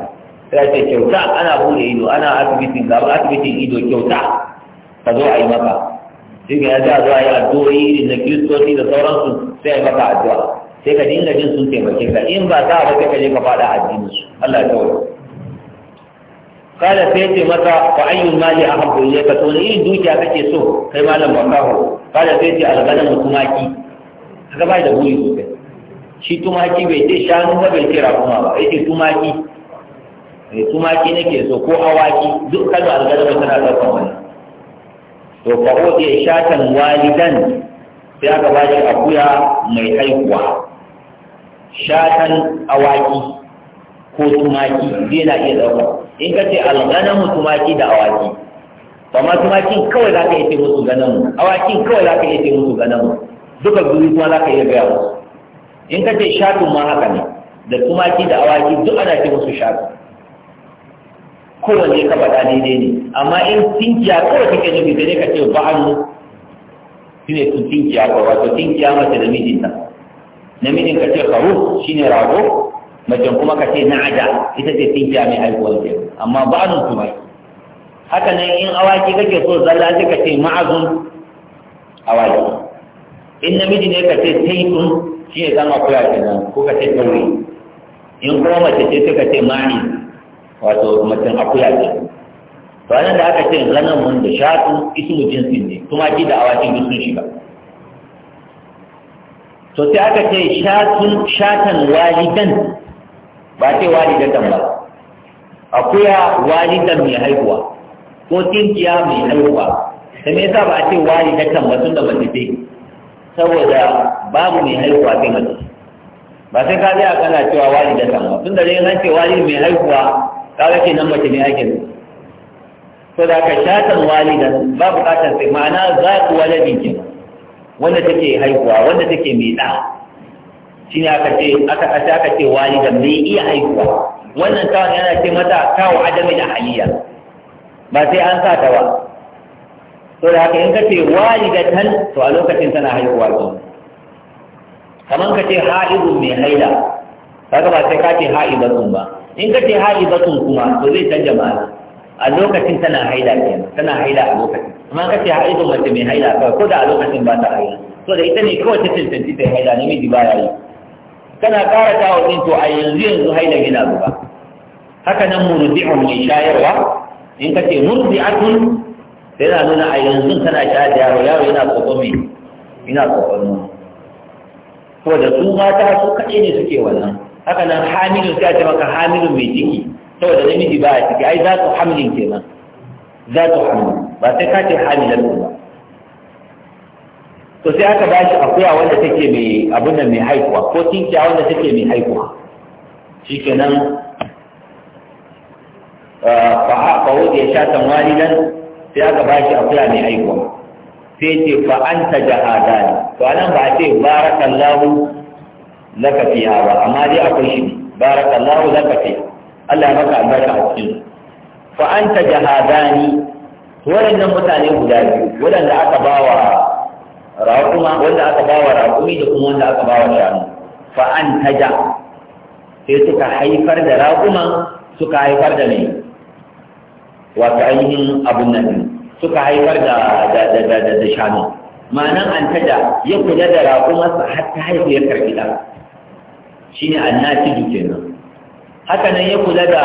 sai ce kyauta ana bude ido ana asibitin gaba asibitin ido kyauta ka zo a yi maka shi ya yasa a zo a yi addu'o'i irin na kiristoci da sauransu sai a yi maka addu'a sai ka dinga jin sun taimake ka in ba za a ba sai ka je ka faɗa addinin su Allah ya kawo kada sai ce masa fa ayyun mali a ahabbu ne, ka ne irin dukiya kake so kai malam kawo kada sai ce alganan mutumaki kaga bai da buri sosai shi tumaki bai ce shanu ba bai ce rakuma ba ya ce tumaki mai eh, tumaki nake so ko awaki duk kalma algarba tana ɗaukar wani to ka odiya shatan walidan sai aka ba shi akuya mai haihuwa shatan awaki ko tumaki zai na iya ɗauka in ka ce alganamu tumaki da awaki amma tumakin kawai za ka iya ce musu ganamu awakin kawai za ka iya ce musu mu duka guri kuma za ka iya gaya musu in ka ce shatun ma haka ne da tumaki da awaki duk ana ce musu shatu kowanne ka faɗa daidai ne amma in tinkiya kawai kake nufi sai ne ka ce ba'anu shi ne su tinkiya kawai wato tinkiya mace da mijinta namijin ka ce karu shi ne rago mace kuma ka ce na'ada ita ce tinkiya mai haihuwar ke amma ba'anun tumaki haka nan in awaki kake so zalla sai ka ce ma'azun awaki in namiji ne ka ce taitun shi ne zama kula nan, ko ka ce tauri in kuma mace ce ka ce mani wato a akuya ke to anan da aka ce mun da shatu ismu jinsin ne kuma ki da awakin duk sun shiga to sai aka ce shatun shatan walidan ba ce walidatan ba akuya walidan mai haihuwa ko tinkiya mai haihuwa sai me yasa ba a ce walidatan ba da mace ce saboda babu mai haihuwa sai mace ba sai ka a kana cewa wali da sama tun da dai an ce wali mai haihuwa ka ga kenan mace ne ake so to da ka shatan wali da ba bukatar sai ma'ana za ku waladi ke wanda take haihuwa wanda take mai da ne aka ce aka aka aka ce wali da mai iya haihuwa wannan kawai yana ce mata kawo adami da haliya ba sai an sa ta ba to da haka in ka ce walidatan to a lokacin tana haihuwa ke kamar ka ce ha'idu mai haila kaga ba sai ka ce ha'idatun ba in ka ce ha'idatun kuma to zai canja ma'ana a lokacin tana haila ke tana haila a lokacin amma ka ce ha'idu mace mai haila ka ko da a lokacin ba ta haila to da ita ne kawai ta cancanci ta haila namiji ba ya yi kana ƙara ta ɗin to a yanzu yanzu haila yana zuba haka nan murdi'un mai shayarwa in ka ce murdi'atun sai na nuna a yanzu tana sha da yaro yaro yana tsotson mai yana tsotson ko da su mata su kaɗai ne suke wannan haka nan hamilu sai a ce maka Hamilu mai ciki saboda namiji ba a ciki ai za su hamlin nan za su Hamilu, ba sai ka ce hamilan ba to sai aka ba shi akuya wanda take mai abin nan mai haihuwa ko tinkiya wanda take mai haihuwa uh, nan, fa ya wuce shatan nan. sai aka ba shi akuya mai aiko. sai ce fa jahada ne to anan ba ce barakallahu laka fiha ba amma dai akwai shi barakallahu laka fiha Allah ya maka albarka a cikin fa anta jahadani waɗannan mutane guda biyu waɗanda aka ba wa raƙuma wanda aka ba wa raƙumi da kuma wanda aka ba wa shanu fa ta ja sai suka haifar da raƙuman suka haifar da mai wato ainihin abun nan suka haifar da da shanu ma'anan an da ya kula da raƙumarsa har ta haihu ya karɓi ɗa shi ne duke nan haka nan ya kula da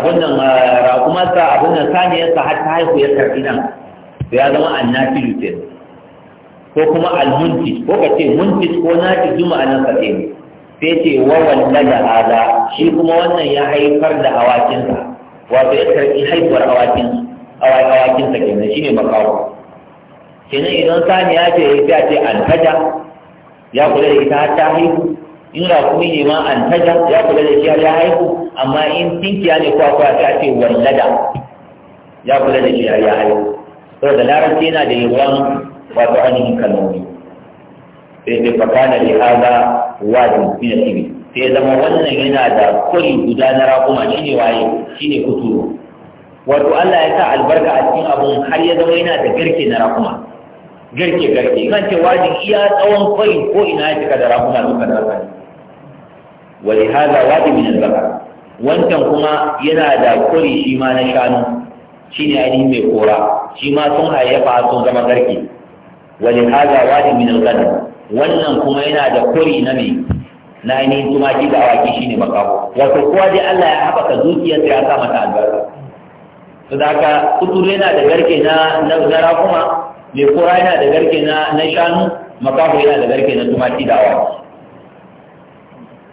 abun nan eh, raƙumarsa abun nan saniyarsa har ta haihu ya karɓi ɗan ya zama duke nan. ko kuma al-muntis, ko ka ce muntis ko nati juma a nan kaɗai ne sai ce wawan da haza shi kuma wannan ya haifar da awakinsa wato ya karɓi haihuwar awakin awakin sa kenan ne makawo kenan idan Sani ya ce ya ce alfaja ya kula da ita har ta haihu in kuma ne ma an ya kula da shi har ya haihu amma in tinkiya ne ko akwai a ce wallada ya kula da shi har ya haihu saboda larabci yana da yawan wato ainihin kalmomi sai dai fakana li hada wajin min al-ibil sai zama wannan yana da kuri guda na raƙuma shi ne waye shi ne kuturu wato Allah ya sa albarka a cikin abun har ya zama yana da garke na raƙuma garke garke kan ce wajin iya tsawon kuri ko ina ya cika da raƙuma duka da raƙuma wa li hada wajin min al wancan kuma yana da kuri shi ma na shanu shine ainihin mai kora shi ma sun hayyafa sun zama garke Wani li hada wajin min al wannan kuma yana da kuri na mai na ainihin tumaki da awaki shine makaho wato kowa dai Allah ya haɓaka zuciyarsa ya sa mata albarka to da haka kuturu yana da garke na na kuma mai kura yana da garke na na shanu makaho yana da garke na tumaki da awaki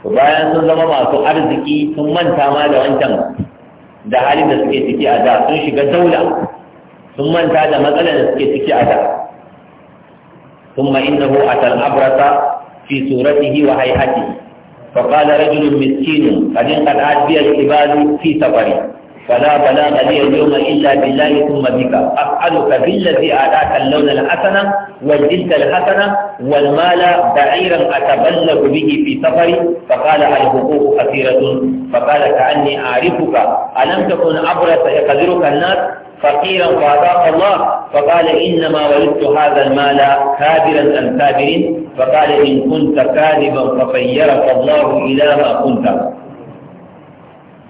to bayan sun zama masu arziki sun manta ma da wancan da halin da suke ciki a da sun shiga daula sun manta da matsalar da suke ciki a da ثم إنه أتى الأبرص في صورته وهيئته فقال رجل مسكين قد انقطعت بي الجبال في سفري فلا بلاغ لي اليوم إلا بالله ثم بك أسألك بالذي أعطاك اللون الحسن والجلد الحسن والمال بعيرا أتبلغ به في سفري فقال الحقوق كثيرة فقال كأني أعرفك ألم تكن أبرص يقدرك الناس فقيرا فأذاق الله فقال إنما ولدت هذا المال كابرا أم كابر فقال إن كنت كاذبا فخيرك الله إلى ما كنت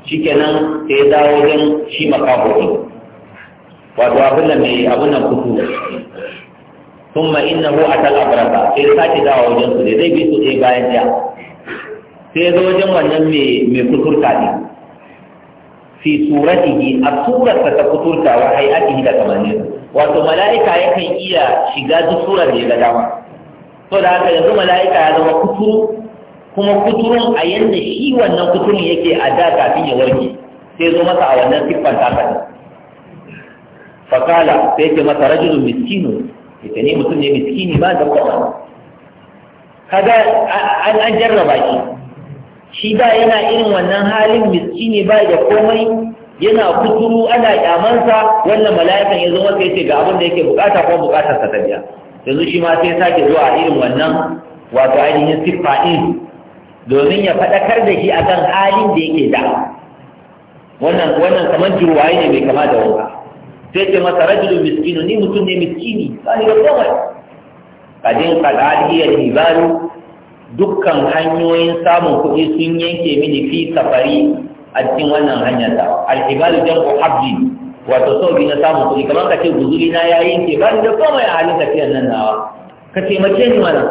شكنا wajen shi شي مقابل wato abin da mai abin nan kutu sun ma inna hu atal abrata sai ya sake dawa wajen su ne zai bi su sai bayan ya sai ya zo wajen wannan mai kuturta ne fi suratihi a surarsa ta kuturta wa hay'atihi da kamanin wato mala'ika yakan iya shiga duk surar da ya ga dama to da haka yanzu mala'ika ya zama kuturu kuma kuturun a yanda shi wannan kuturun yake a da kafin ya warke sai zo masa a wannan siffar taka fakala sai ce masa rajulun miskinu ita ne mutum ne miskini ba da kwaba kaga an jarraba shi shi da yana irin wannan halin miskini ba da komai yana kuturu ana kyamansa wannan mala'ikan ya zo masa yace ga abin da yake bukata ko bukatar sa ta biya yanzu shi ma sai sake zuwa a irin wannan wato ainihin siffa domin ya faɗakar da shi akan halin da yake da wannan wannan kamar jirwaye ne mai kama da wanka sai ce masa rajulun miskinu ni mutum ne miskini ba ni da komai kadin kadaliyar hibaru dukkan hanyoyin samun kuɗi sun yanke mini fi safari a cikin wannan hanyar ta alhibalu jam'u habli wato sau na samun kuɗi kamar ka ce guzuri na ya yanke ba ni da komai ya halin tafiyar nan nawa ka taimake ni mana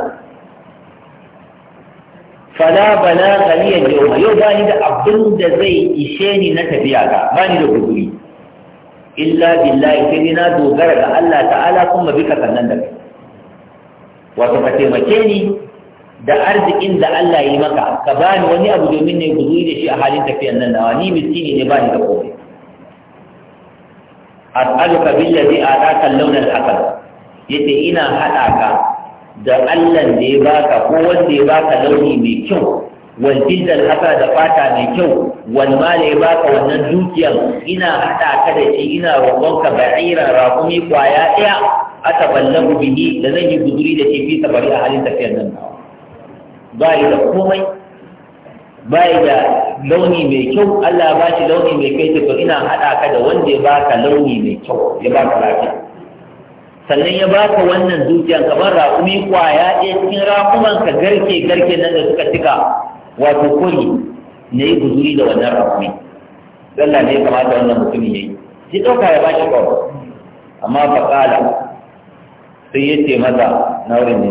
fala bala galiyan yau yau ba ni da abin da zai ishe ni na tafiya ka. ba ni da guzuri illa billahi sai dai na dogara ga Allah ta'ala kuma bika sannan da kai wato ka taimake ni da arzikin da Allah ya yi maka ka bani wani abu domin ne guzuri da shi a halin tafiyan nan nawa ni miskini ne bani da komai as'aluka billazi ataka al-lawn al-akal yace ina hada ka da Allah da ya baka ko wanda ya baka launi mai kyau wal jildal haka da fata mai kyau wal mala ya baka wannan dukiyar ina hada ka da shi ina roƙonka ba'ira raƙumi kwaya ɗaya aka ballagu bihi da zan yi guduri da shi fi safari a halin tafiyar nan nawa ba yi da komai ba yi da launi mai kyau Allah ba shi launi mai kyau to ina haɗa ka da wanda ya baka launi mai kyau ya baka lafiya sannan ya baka wannan zuciya kamar raƙumi kwaya ɗaya cikin raƙuman ka garke garke nan da suka cika wato kuri na yi guzuri da wannan raƙumi Allah ne ya kamata wannan mutumin ya yi shi ɗauka ya bashi kawai amma ƙala sai ya ce maza na wurin ne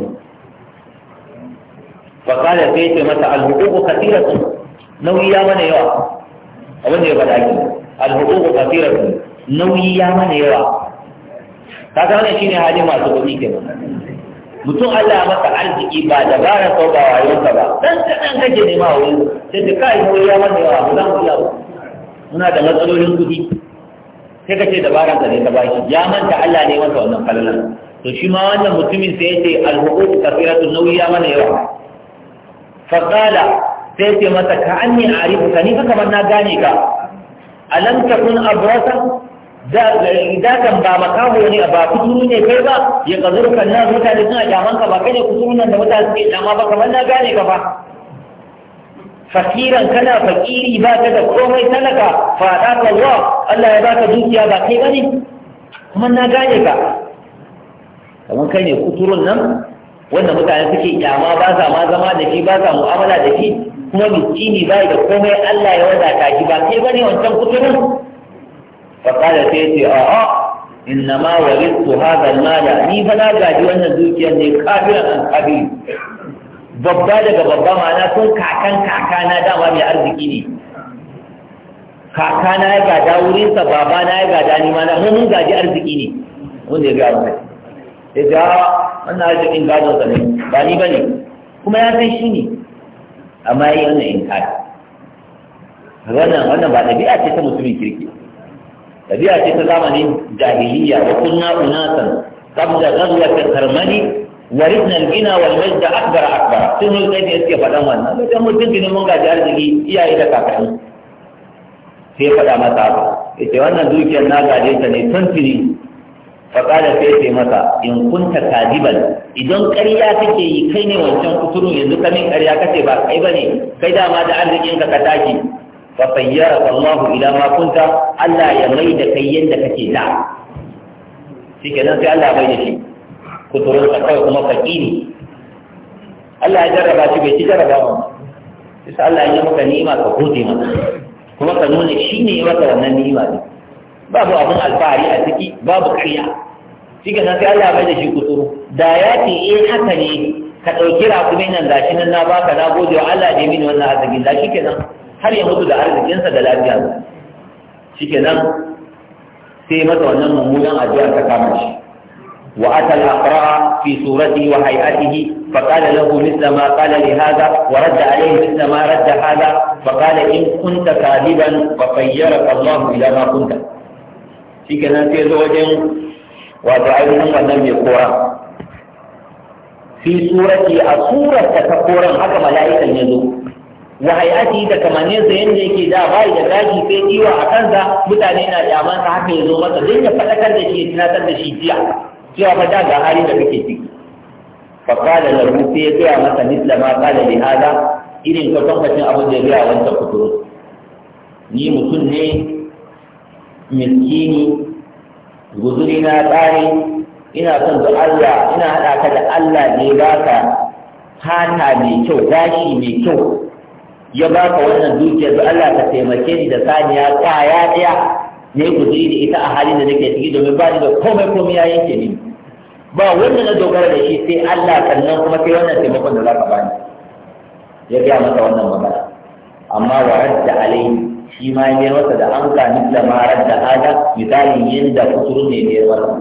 فقال سيتي متى الحقوق كثيرة نوي يا من يوا أبن يبا الحقوق كثيرة نوي يا من يوا kaga wannan shine hali masu kuɗi mutum Allah maka arziki ba da bara ba wayonka ba dan kadan kake nema wuri sai ka kai mu ya wanda yawa mu zan kula muna da matsalolin kuɗi sai kace dabaran ka ne ka bashi ya manta Allah ne masa wannan falalan to shi ma wannan mutumin sai yace al-huquq kafiratun nawiya mana yawa faƙala sai ce masa ka an ne a rifuka ni kamar na gane ka alam ta kun abrasa da kan ba makaho ne ba kuturu ne kai ba ya kazuru kan na mutane suna kyaman ka ba kai ne kuturu nan da mutane suke kyama ba kamar na gane ka ba fakiran kana fakiri ba ka da komai talaka fada ka Allah Allah ya baka dukiya ba kai bane kuma na gane ka kamar kai ne kuturun nan wanda mutane suke kyama ba sa ma zama da shi ba sa mu'amala da shi kuma miskini ba da komai Allah ya wadata shi ba sai bane wancan kuturin fa qala sai ce a a inna ma walittu hadha al-mala ni fa na gaji wannan dukiyar ne kafiran an kabiri babba daga babba ma'ana sun kakan kakana dama mai arziki ne kakana ya gada wurinsa babana ya gada ni ma na mun gaji arziki ne wanda ya gaya mai ya ja wannan aikin din gado da ne ba ni ba ne. kuma ya san shi ne amma yi wannan inkari wannan wannan ba ɗabi'a ce ta mutumin kirki ɗabi'a ce ta zamanin jahiliya wa kunna unasan qabla ghazwat al-karmani warisna al-gina wal majd akbar akbar sun yi kai da suke faɗan wannan lokacin mutunci ne mun gaji arziki iyaye da kakanni sai faɗa masa ba ita wannan dukiyar na gaje ta ne tun tuni faƙada sai ce masa in kunta kadiban idan ƙarya kake yi kai ne wancan kuturu, yanzu ka min ƙarya kace ba kai bane kai dama da arzikin ka ka tashi fa sayyara Allahu ila ma kunta Allah ya mai da kai yanda kake da shikenan sai Allah bai da shi kuturun ka kai kuma fakiri Allah ya jarraba shi bai ci jarraba ba sai Allah ya maka ni'ima ka gode masa kuma ka nuna shine maka wannan ni'ima din babu abin alfahari a ciki babu karya. shi ka sai Allah bai da shi kuturu da ya ce eh haka ne ka ɗauki rakumin nan gashi nan na baka na gode wa Allah da mini wannan arzikin da shi kenan har ya mutu da arzikinsa da lafiya shi kenan sai masa wannan mummunan addu'a ta kama shi wa atal aqra fi surati wa hay'atihi fa qala lahu mithla ma qala li wa radda alayhi mithla ma radda hadha fa qala kunta kadiban fa qayyara Allah ila ma shi nan sai zo wajen wato ainihin wannan mai kora fi surati a surarta ta koran haka mala'ikan ya zo wa hayati da kamanin sa yanda yake da bai da gaji sai diwa a kansa mutane na kyaman sa haka ya zo masa zai ya fadakar da shi ya tunatar da shi jiya cewa fa da ga hali da kake ciki fa qala lahu sai ya ga masa misla ma qala li hada irin tabbacin abin da ya gaya wanda kuturu ni mutum ne miskini guzuri na tsari ina son da Allah ina haɗa ka da Allah ne ba ka hata mai kyau gashi mai kyau ya ba ka wannan dukiyar da Allah ka taimake ni da saniya kwaya ɗaya ne guduri da ita a halin da nake ciki domin ba ni da komai komai ya yanke ni ba wanda na dogara da shi sai Allah sannan kuma sai wannan taimakon da za ka bani ya gaya masa wannan magana amma wa da alaihi shi ma ya masa da an kani da marar da hada misalin yadda kusur ne ne masa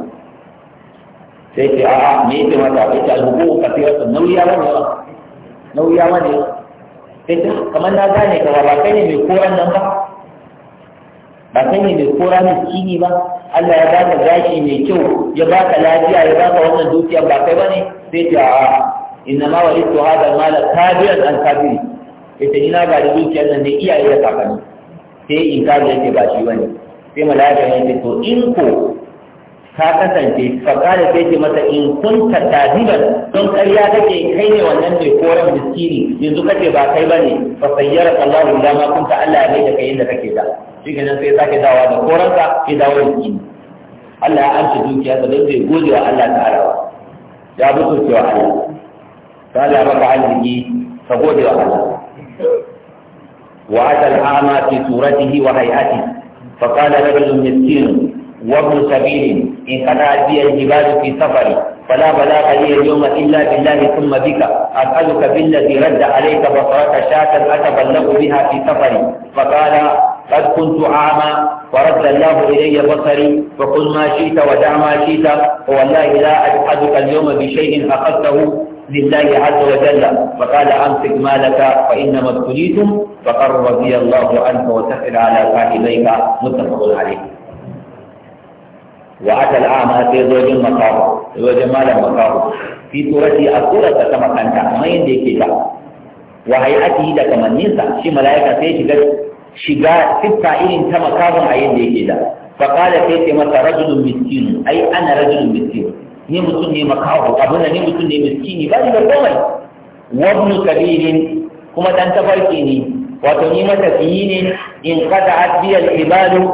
sai ce a'a me yake mata ya ce alhubu ka fi wasu nauyi ma ne wa nauyi ma ne sai ce kamar na gane ka ba kai ne mai koran nan ba ba kai ne mai kora shi ne ba Allah ya baka gashi mai kyau ya baka lafiya ya baka wannan dukiya ba kai ba ne sai ce a'a inna ma walittu hadha al-mala tabi'an an tabi'i ita ina ga dukiyar nan ne iyaye da kakanni sai in ka da ba shi ne sai malaka ya ce to in ko ka kasance fakara sai ce masa in kunta tadiban don ƙarya kake kai ne wannan mai koren miskini yanzu kace ba kai bane fa sayyara Allahu ila ma kunta Allah ya da kai inda kake da shi nan sai sake dawa da koranka ya dawo miskini Allah ya amshi dukiya sa don zai gode wa Allah ta ta'ala ya buƙaci wa Allah ta Allah ba baka arziki ka gode wa Allah وأتى الأعمى في صورته وهيئته فقال رجل مسكين وابن سبيل إن خلعت بي الجبال في سفري فلا بلاغ لي اليوم إلا بالله ثم بك أسألك بالذي رد عليك بصرك شاة أتبلغ بها في سفري فقال قد كنت أعمى ورد الله إلي بصري فقل ما شئت ودع ما شئت فوالله لا أجحدك اليوم بشيء أخذته لله عز وجل فقال أمسك مالك فإنما ابتليتم فقر رضي الله عنك وسخر على صاحبيك متفق عليه وأتى الأعمى في زوج المقام زوج مال المقام في سورة أسورة كما كان ما ينديك وهيئته لك من ننسى شي ملائكة تيجي shiga siffa irin ta كما a yadda يندي da faƙala sai ce masa rajulun miskinu ai ana ne mutum ne makawo abin da ne mutum ne miskini ba ni da komai wabnu kabirin kuma dan tafarki ne wato ni matafiyi ne in kada adiyal ibadu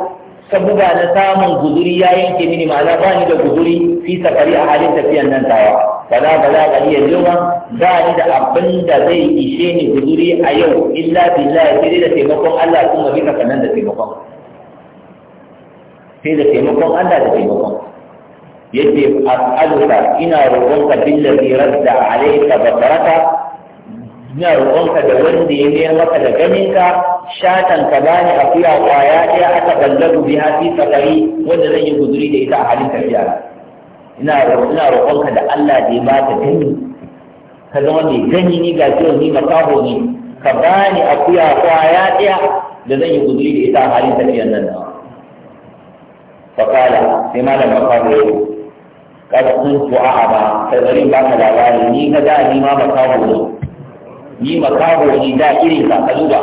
sabuga na samun guduri ya yanke mini ma'ana ba ni da guduri fi safari a halin tafiyan nan tawa wala bala galiya yawa ba ni da abin da zai ishe ni guduri a yau illa billahi sai da taimakon Allah kuma bi ka nan da taimakon sai da taimakon Allah da taimakon Yadda as'aluka ina roƙonka billazi radda alayka basaraka ina roƙonka da wanda ya mayar maka da ganinka shatan ka bani akuya kwaya ɗaya aka ballagu biha fi sakari wanda zan yi guduri da ita a halin tafiya ina ina roƙonka da Allah da ya baka gani ka zama mai gani ni ga kiyon ni makaho ne ka bani akuya kwaya ɗaya da zan yi guduri da ita a halin tafiyan nan da fakala sai malam makaho ya kada kun a ba kai bari ba ka labari ni ga da ni ma makaho ne ni makaho ne da irin ka ka ba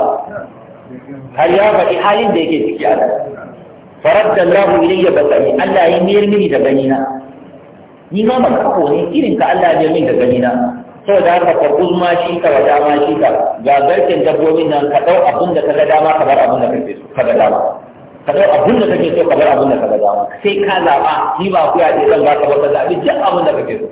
har ya faɗi halin da yake ciki a nan faradda Allah ilayya sai Allah ya miyar mini da gani na ni ma makaho ne irin ka Allah ya miyar mini da gani na saboda haka ka kuzma shi ka da dama shi ka ga garken dabbobin nan ka dau abin da ka ga dama ka bar abin da kake so ka ga dama ka bar abin da kake so ka bar abin da ka ga dama sai ka zaɓa ni ba ku ya ce zan ba ka ba ka zaɓi duk abin da kake so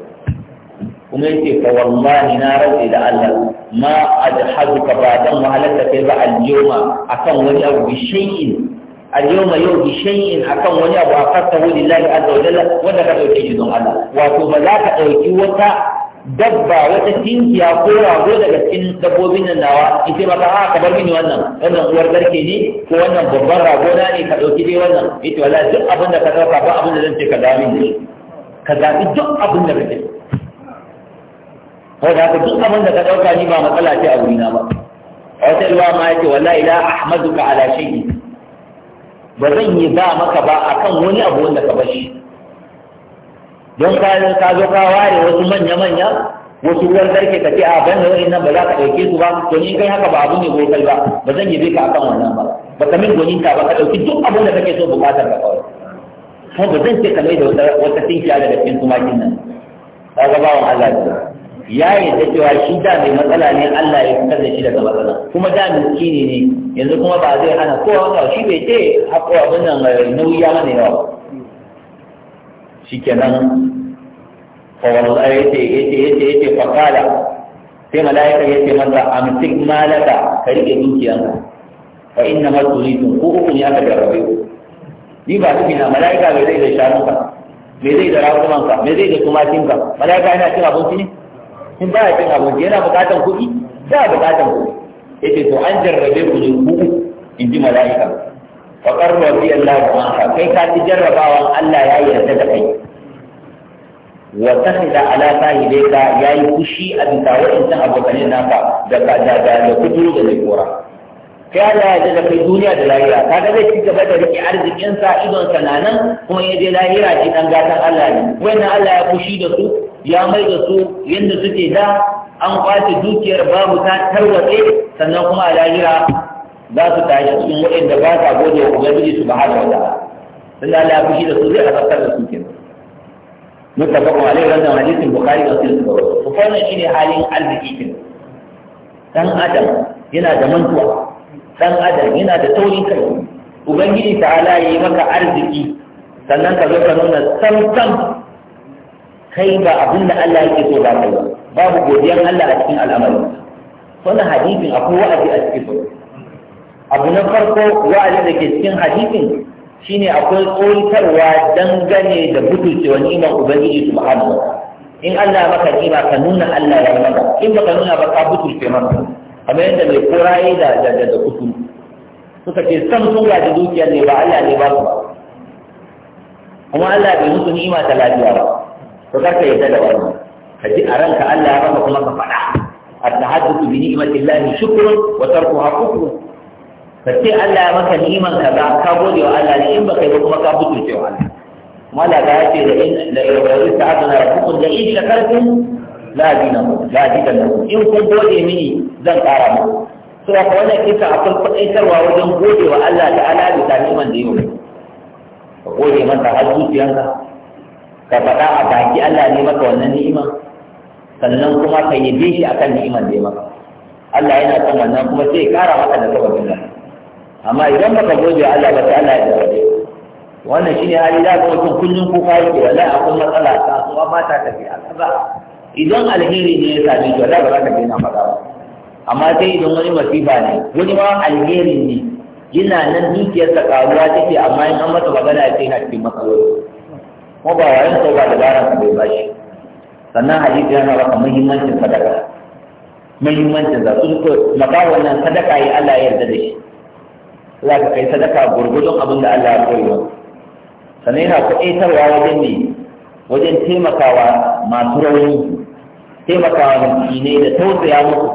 kuma yake fa wallahi na rauke da Allah ma ajhaduka ba dan wahalarta kai ba al-yawma akan wani abu bi shay'in al-yawma yau bi shay'in akan wani abu afatta lillahi azza wa jalla wanda ka dauke shi don Allah wato ba za ka dauki wata dabba wata tinkiya ko rago daga cikin dabbobin nan nawa in ce maka ha ah, ka bar mini wannan wannan uwar garke ne ko wannan babban rago na ne ka dauki dai wannan ita wala duk abin da ka dauka ba abin da zan ce ka zabi ne ka zabi duk abin da kake ko da ka duk abin da ka dauka ni ba matsala ce a wurina ba a wata ruwa ma yake wallahi la ahmaduka ala shay'in ba zan yi ba maka ba akan wani abu wanda ka bar shi. don kayan ka zo ka ware wasu manya-manya wasu ruwan sarki ka ce a ban da wani nan ba za ka ɗauke su ba to ni kai haka ba abu ne gobe kai ba ba zan yi ka akan wannan ba ba ka min ta ba ka ɗauki duk abin da kake so buƙatar ka kawai ko ba zan ce ka mai da wata tinkiya daga cikin tumakin nan ka ga bawan Allah ne ya yi da cewa shi da mai matsala ne Allah ya fitar da shi daga matsala kuma da miski ne yanzu kuma ba zai hana kowa ba shi bai ce haƙo abin nan eh, nauyi ya mana yawa shikenan fa wallahi yace yace yace yace fa qala sai malaika yace masa amsik malaka ka rike dukiyanka fa inna ma turidun ko uku ne aka jarrabe ku ni ba nufi na malaika bai zai da shanunka me zai da rakumanka me zai da tumatinka malaika yana cin abinci ne in ba ya cin abinci yana bukatan kuɗi ba bukatan kuɗi yace to an jarrabe ku ne ku in ji mala'ika wa qarra bi Allah wa anha kai ka ci jarrabawan Allah ya yarda da kai wa tahida ala ya yi kushi a bisa wa'annan abokanin naka da da da kuduru da zai kora kai Allah ya da kai duniya da lahira ga zai ci gaba da rike arzikin sa idon sa nan kuma ya je lahira ji dan gatan Allah ne wannan Allah ya kushi da su ya mai da su yanda suke da an kwace dukiyar babu ta tarwatse sannan kuma a lahira za su tashi cikin waɗanda ba sa gode wa Ubangiji subhanahu wa ta'ala sai Allah ya kushi da su zai azabtar da su kenan متفق عليه wannan hadisin bukhari da muslim da wasu to wannan shine halin arziki din adam yana da mantuwa dan adam yana da taurin kai ubangiji ta'ala yi maka arziki sannan ka zo ka nuna sam sam kai ba abin da Allah yake so ba kai babu godiyar Allah a cikin al'amarin wannan hadisin akwai wa'azi a cikin abu na farko wa'azi da ke cikin hadisin shine akwai tsoritarwa dangane da butulcewa niman ubangiji su wa in Allah maka nima ka nuna Allah ya maka in baka nuna ba ka butulce maka Kama yadda mai koraye da da da da kusur suka ce san tura da dukiya ne ba Allah ne ba su ba kuma Allah bai musu ni'ima ta lafiya ba to kar ka yadda da wani. ka ji a ranka Allah ya maka kuma ka faɗa at-tahaddathu bi ni'mati Allah shukrun wa tarkuha kufrun ka ce Allah ya maka ni'iman za ka gode wa Allah ne in ba kai ba kuma ka fito cewa Allah kuma ga ya ce da in da yawari ta azana rabbukum da in shakartum la dinakum la dinakum in kun gode mini zan ƙara muku to ka wannan kisa akwai kwaɗaitarwa wajen gode wa Allah da ta'ala da ni'iman da yau ka gode masa har zuciyanka ka faɗa a baki Allah ne maka wannan ni'ima sannan kuma ka yabe shi akan ni'iman da ya maka Allah yana son wannan kuma sai ya ƙara maka da sababin nan amma idan baka goge Allah ba sai Allah ya gode wannan shine hali da ga mutum kullun kuka ki wala akwai matsala kasuwa ba ta tafiya kaza idan alheri ne ya same shi wala ba za ka daina na ba amma sai idan wani masifa ne wani ma alheri ne yana nan dukiyarsa karuwa take amma in an masa magana ya sai na cikin matsaloli ko ba wa yanka ba da gara ka bai bashi sannan hadisi yana baka muhimmancin sadaka muhimmancin za su duka maka wannan sadaka yi Allah ya yarda da shi za ka kai sadaka gurgudun abin da Allah ya koyi wa sannan yana kuɗaitarwa wajen ne wajen taimakawa masu rauni taimakawa mutane da tausaya musu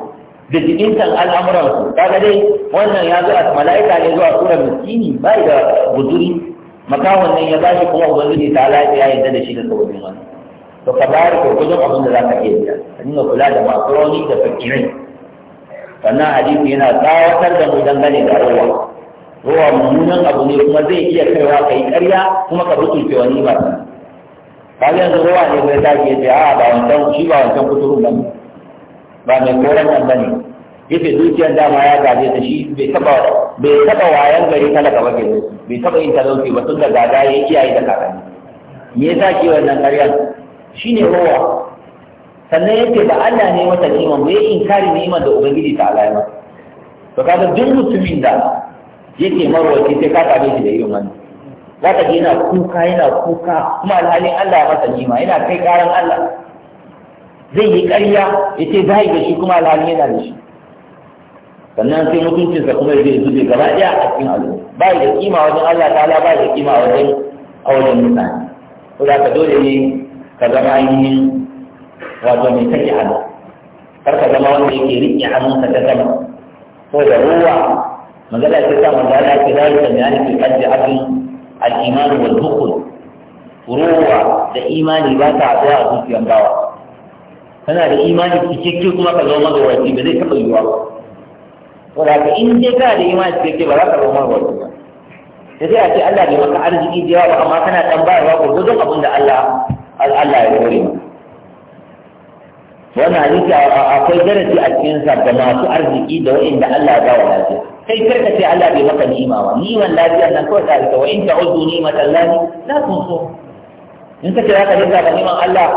da jikintan al'amuransu kaga dai wannan ya zo a mala'ika ne zuwa tura miskini ba da guduri makawan nan ya ba shi kuma ubangiji ta alaƙi ya yarda da shi da saurin wani to ka bayar ko gudun abin da za ka iya biya ka dinga kula da masu rauni da fakirai sannan hadisi yana tsawatar da mu dangane da rawa Ruwa, mummunan abu ne kuma zai iya kaiwa ka yi ƙarya kuma ka ke wani ba ba yanzu rowa ne zai ta ke ce a ba wancan shi ba wancan kuturu ba ba mai koren nan ba ne yace zuciyar dama ya gaje ta shi bai taba bai taba wayan gari talaka ba ke bai taba yin talauci ba tun da gada ya kiyaye da kakanni me yasa ke wannan Shi ne ruwa. sannan yake ba Allah ne mata yi bai inkari neman da ubangiji ta alaima to kaga duk mutumin da yake marwaci sai ka same shi da irin wannan za ka ji yana kuka yana kuka kuma alhalin Allah ya masa nima yana kai karan Allah zai yi ƙarya ya ce bai da shi kuma alhalin yana da shi sannan sai mutuncinsa kuma zai zube gaba ɗaya a cikin al'umma Ba da kima wajen Allah ta'ala ba da kima wajen a wajen mutane ko da ka dole ne ka zama ainihin wato mai sake hannu kar ka zama wanda yake riƙe hannunsa ta sama ko da ruwa magana ce ta magana ce da ta mai alifin kalli abin al'imani wal bukul ruwa da imani ba ta haɗuwa a zuciyar bawa kana da imani cikakke kuma ka zama magawaci ba zai taɓa yiwuwa ba wanda in dai kana da imani cikakke ba za ka zama magawaci ba da sai a ce Allah bai maka arziki da yawa amma kana ɗan bayarwa gurgurdun abin da Allah Allah ya kore maka wannan hadisi akwai darasi a cikin sa ga masu arziki da waɗanda Allah ya ba wa lafiya kai karka ce Allah bai maka ni'ima ba ni'iman lafiya nan kawai ta ita wa in ta'uddu ni'matan lahi la tunsu in kace za ka dinga ka ni'man Allah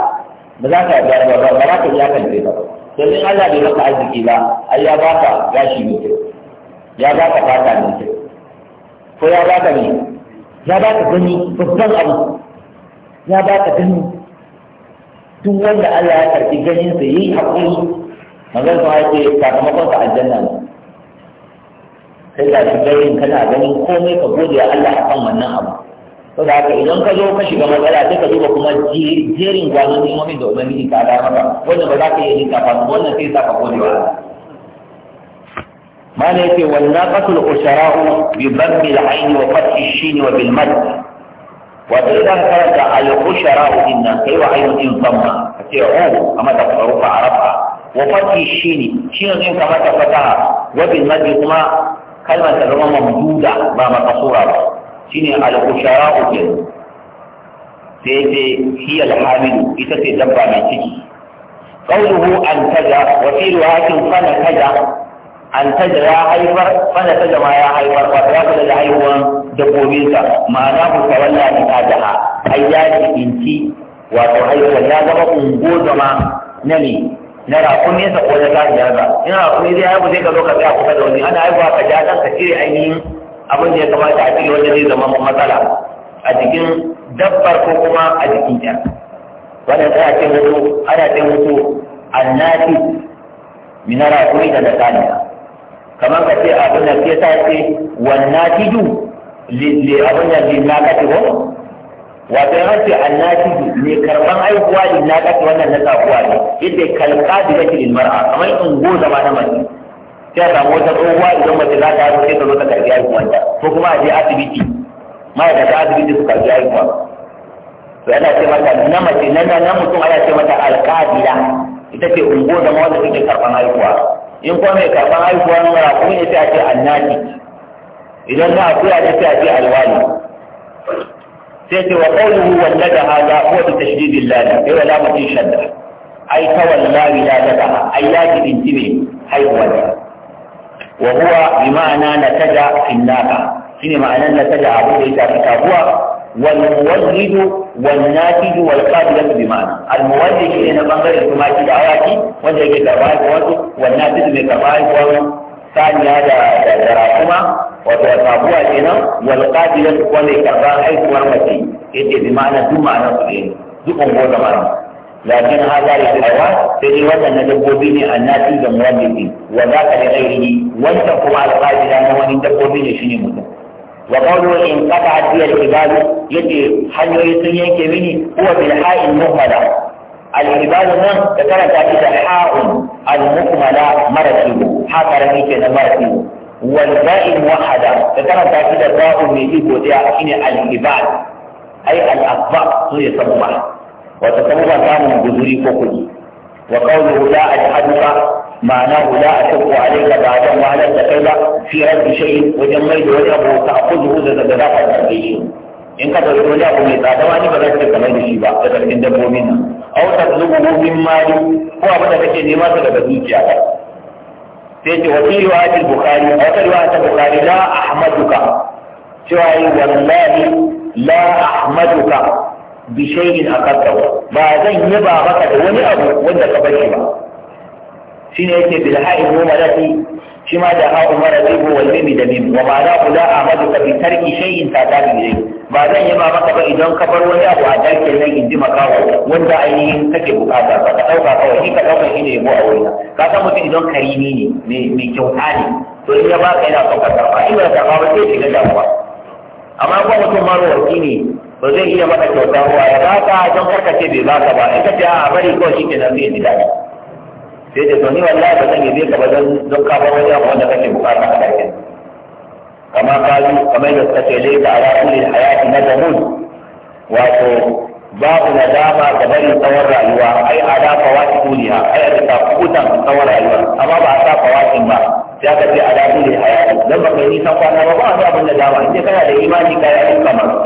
ba za ka ba ba ba za ka yi hakan ba domin Allah bai maka arziki ba ai ya baka gashi mai kyau ya baka fata mai ko ya baka ne ya baka gani babban abu ya baka gani duk wanda Allah ya karbi ganin sa yayi hakuri magana ta ce sakamakon sa aljanna ne sai ka shiga yin kana ganin komai ka gode wa Allah akan wannan abu to da haka idan ka zo ka shiga matsala sai ka duba kuma jerin gwanon nimomin da ubangiji ka da maka wanda ba za ka iya ka ba wannan sai sa ka gode wa Allah ما ليس والناقة الأسراء بضم العين وفتح الشين وبالمد وإذا كانت الأسراء إن كيو عين إن ضم فتعوه كما تفرق عرفها وفتح الشين شين كما تفتح وبالمد كما kalma ta zama mamduda ba makasura ba shine al-ushara'u ke sai ce hi al ita ce dabba mai ciki qawluhu an taja wa fi riwayatin fana taja an taja ya haifar fana taja ma ya haifar wato ya kula da haihuwan dabbobinsa ma'ana ku tawalla ni tajaha ai ya jikinci wato haihuwan ya zama ungo zama na ne na nesa ko na gajiyarsa in rakumi zai haihu zai ka zo ka tsaya kusa da wani ana haihuwa ka ja ɗan ka cire ainihin abin da ya kamata a cire wanda zai zama matsala a jikin dabbar ko kuma a jikin ɗan wannan tsaya ce mutu ana ce mutu annati min rakumi da nasaniya kamar ka ce abin da ke sa ce wannan tiju abin da na kati ko wato ya ce annati ne karban aihuwa ne na kace wannan na sabuwa ne yadda kalka da yake lil mar'a kamar in go zama na mace sai samu wata tsohuwa idan mace za ta haɗu sai ta zo ta karbi aihuwan ta ko kuma a je asibiti ma'aikata asibiti su karbi aihuwa to yana ce mata na mace na na mutum ana ce mata alqabila ita ce go zama wanda take karban aihuwa in kuma mai karban aihuwa mara kuma ne ce a ce annati idan na akuya ne sai a ce alwali sai ce wa qawluhu wallada hadha huwa bi tashdid al-lam ay wala mutin shadda ay tawalla wiladaha ay yaji intime haihuwa wa huwa bi ma'ana nataja fi an-naqa shine ma'anar nataja abu da ya tafi kafuwa والمولد والناتج والقابلة بمعنى المولد شيء أنا بنظر التماشي دعواتي وانجا كتابات وانجا mai من كفاية وانجا da دراكما wato a kenan wal qadiyat kwale karba haihuwar mace yace bi ma'ana duk ma'ana su ne duk ungo da ma'ana lakin hada ya hawa sai dai wannan na dabbobi ne annati da muwaddidi wa za ka da ainihi wannan kuma alqadira na wani dabbobi ne shi ne mutum wa qawlu in qata'at bi al-ibad yace hanyoyi sun yanke mini huwa bil ha'in muhmala al-ibad nan da karanta shi da ha'un al-muhmala maratibu ha karami kenan maratibu والباء موحدة فكما تأكيد الباء ميدي قوتها حين الإباد أي الأطباء سوية صبوة وتصبوها كان بذوري فوقي وقوله لا أجحدك معناه لا أشق عليك بعد ما لا التكيل في رد شيء وجميل وجهه تأخذه إذا تدافع تأخذه ان ka ɗauki من abu mai tsada wani ba za ka kamar da shi ba da ƙarfin dabbobin nan au ta zubu sai ce wasu riwayat al-bukhari a wata riwayat al-bukhari la ahmaduka cewa yi wallahi la ahmaduka bi shay'in akatahu ba zan yi ba da wani abu wanda ka bar ba shine yake bil ha'il mumalati shi ma da haɗu mara zaibu wal mimi da Mimu. wa ma za ku za a madu ka bi tarki ta ta ne. ba zan yi ma maka ba idan ka bar wani abu a dakin nan in ji makawa wanda ainihin kake bukata ba ka ɗauka kawai ni ka ɗauka shi ne yabo a wurina ka san mutum idan karimi ne mai kyauta ne to in ya ba ka yana son ka karɓa in ba karɓa ba sai shiga damuwa amma ko mutum marowarki ne ba zai iya maka kyauta ba ya ba ka don karkace bai ba ka ba in ka ce a bari kawai shi ke nan zai ji daɗi sai ta to ni wallahi ba zan yi ka ba don don ka ba wani abu wanda kake bukata a dakin kama kazu kamar da suka ce laita ala kulli hayati nadamun wato babu nadama ga bari tsawon rayuwa ai ala fawati duniya ai a bisa kutan tsawon rayuwa amma ba a sa fawatin ba sai aka ce ala kulli hayati dan ba kai nisan kwana ba ba wani abin nadama in kana da imani kai ayyuka masu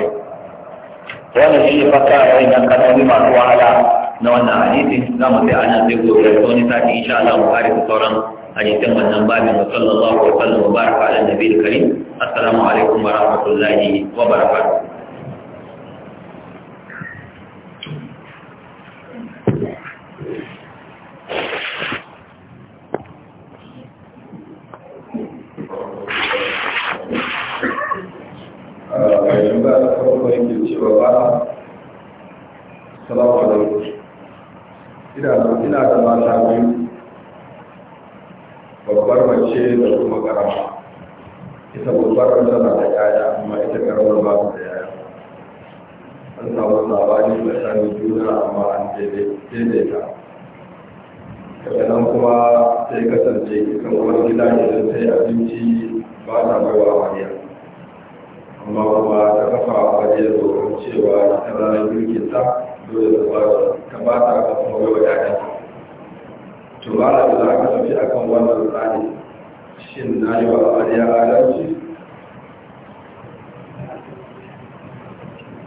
kyau wannan shi ne fassara wa'annan kalmomi masu wahala na wannan hadisin za mu sai ana sai gobe da wani sati insha Allah mu kare ku sauran hadisin wannan babin wa sallallahu wa sallam wa baraka ala nabiyil karim assalamu alaikum wa rahmatullahi wa barakatuh a bayan ina da mata biyu babbar mace da kuma karama ita babbar tana da yaya amma ita karamar ba ta da yaya an samu labari da sani juna amma an daidaita daga nan kuma sai kasance kan wani gida ne don sai abinci ba ta baiwa wariya amma kuma ta kafa waje domin cewa ita ranar girkinta dole ta ba kan ba ta ga kuma yau ya kai to ba da za ka tafi akan wannan tsari shin na yi wa ariya adalci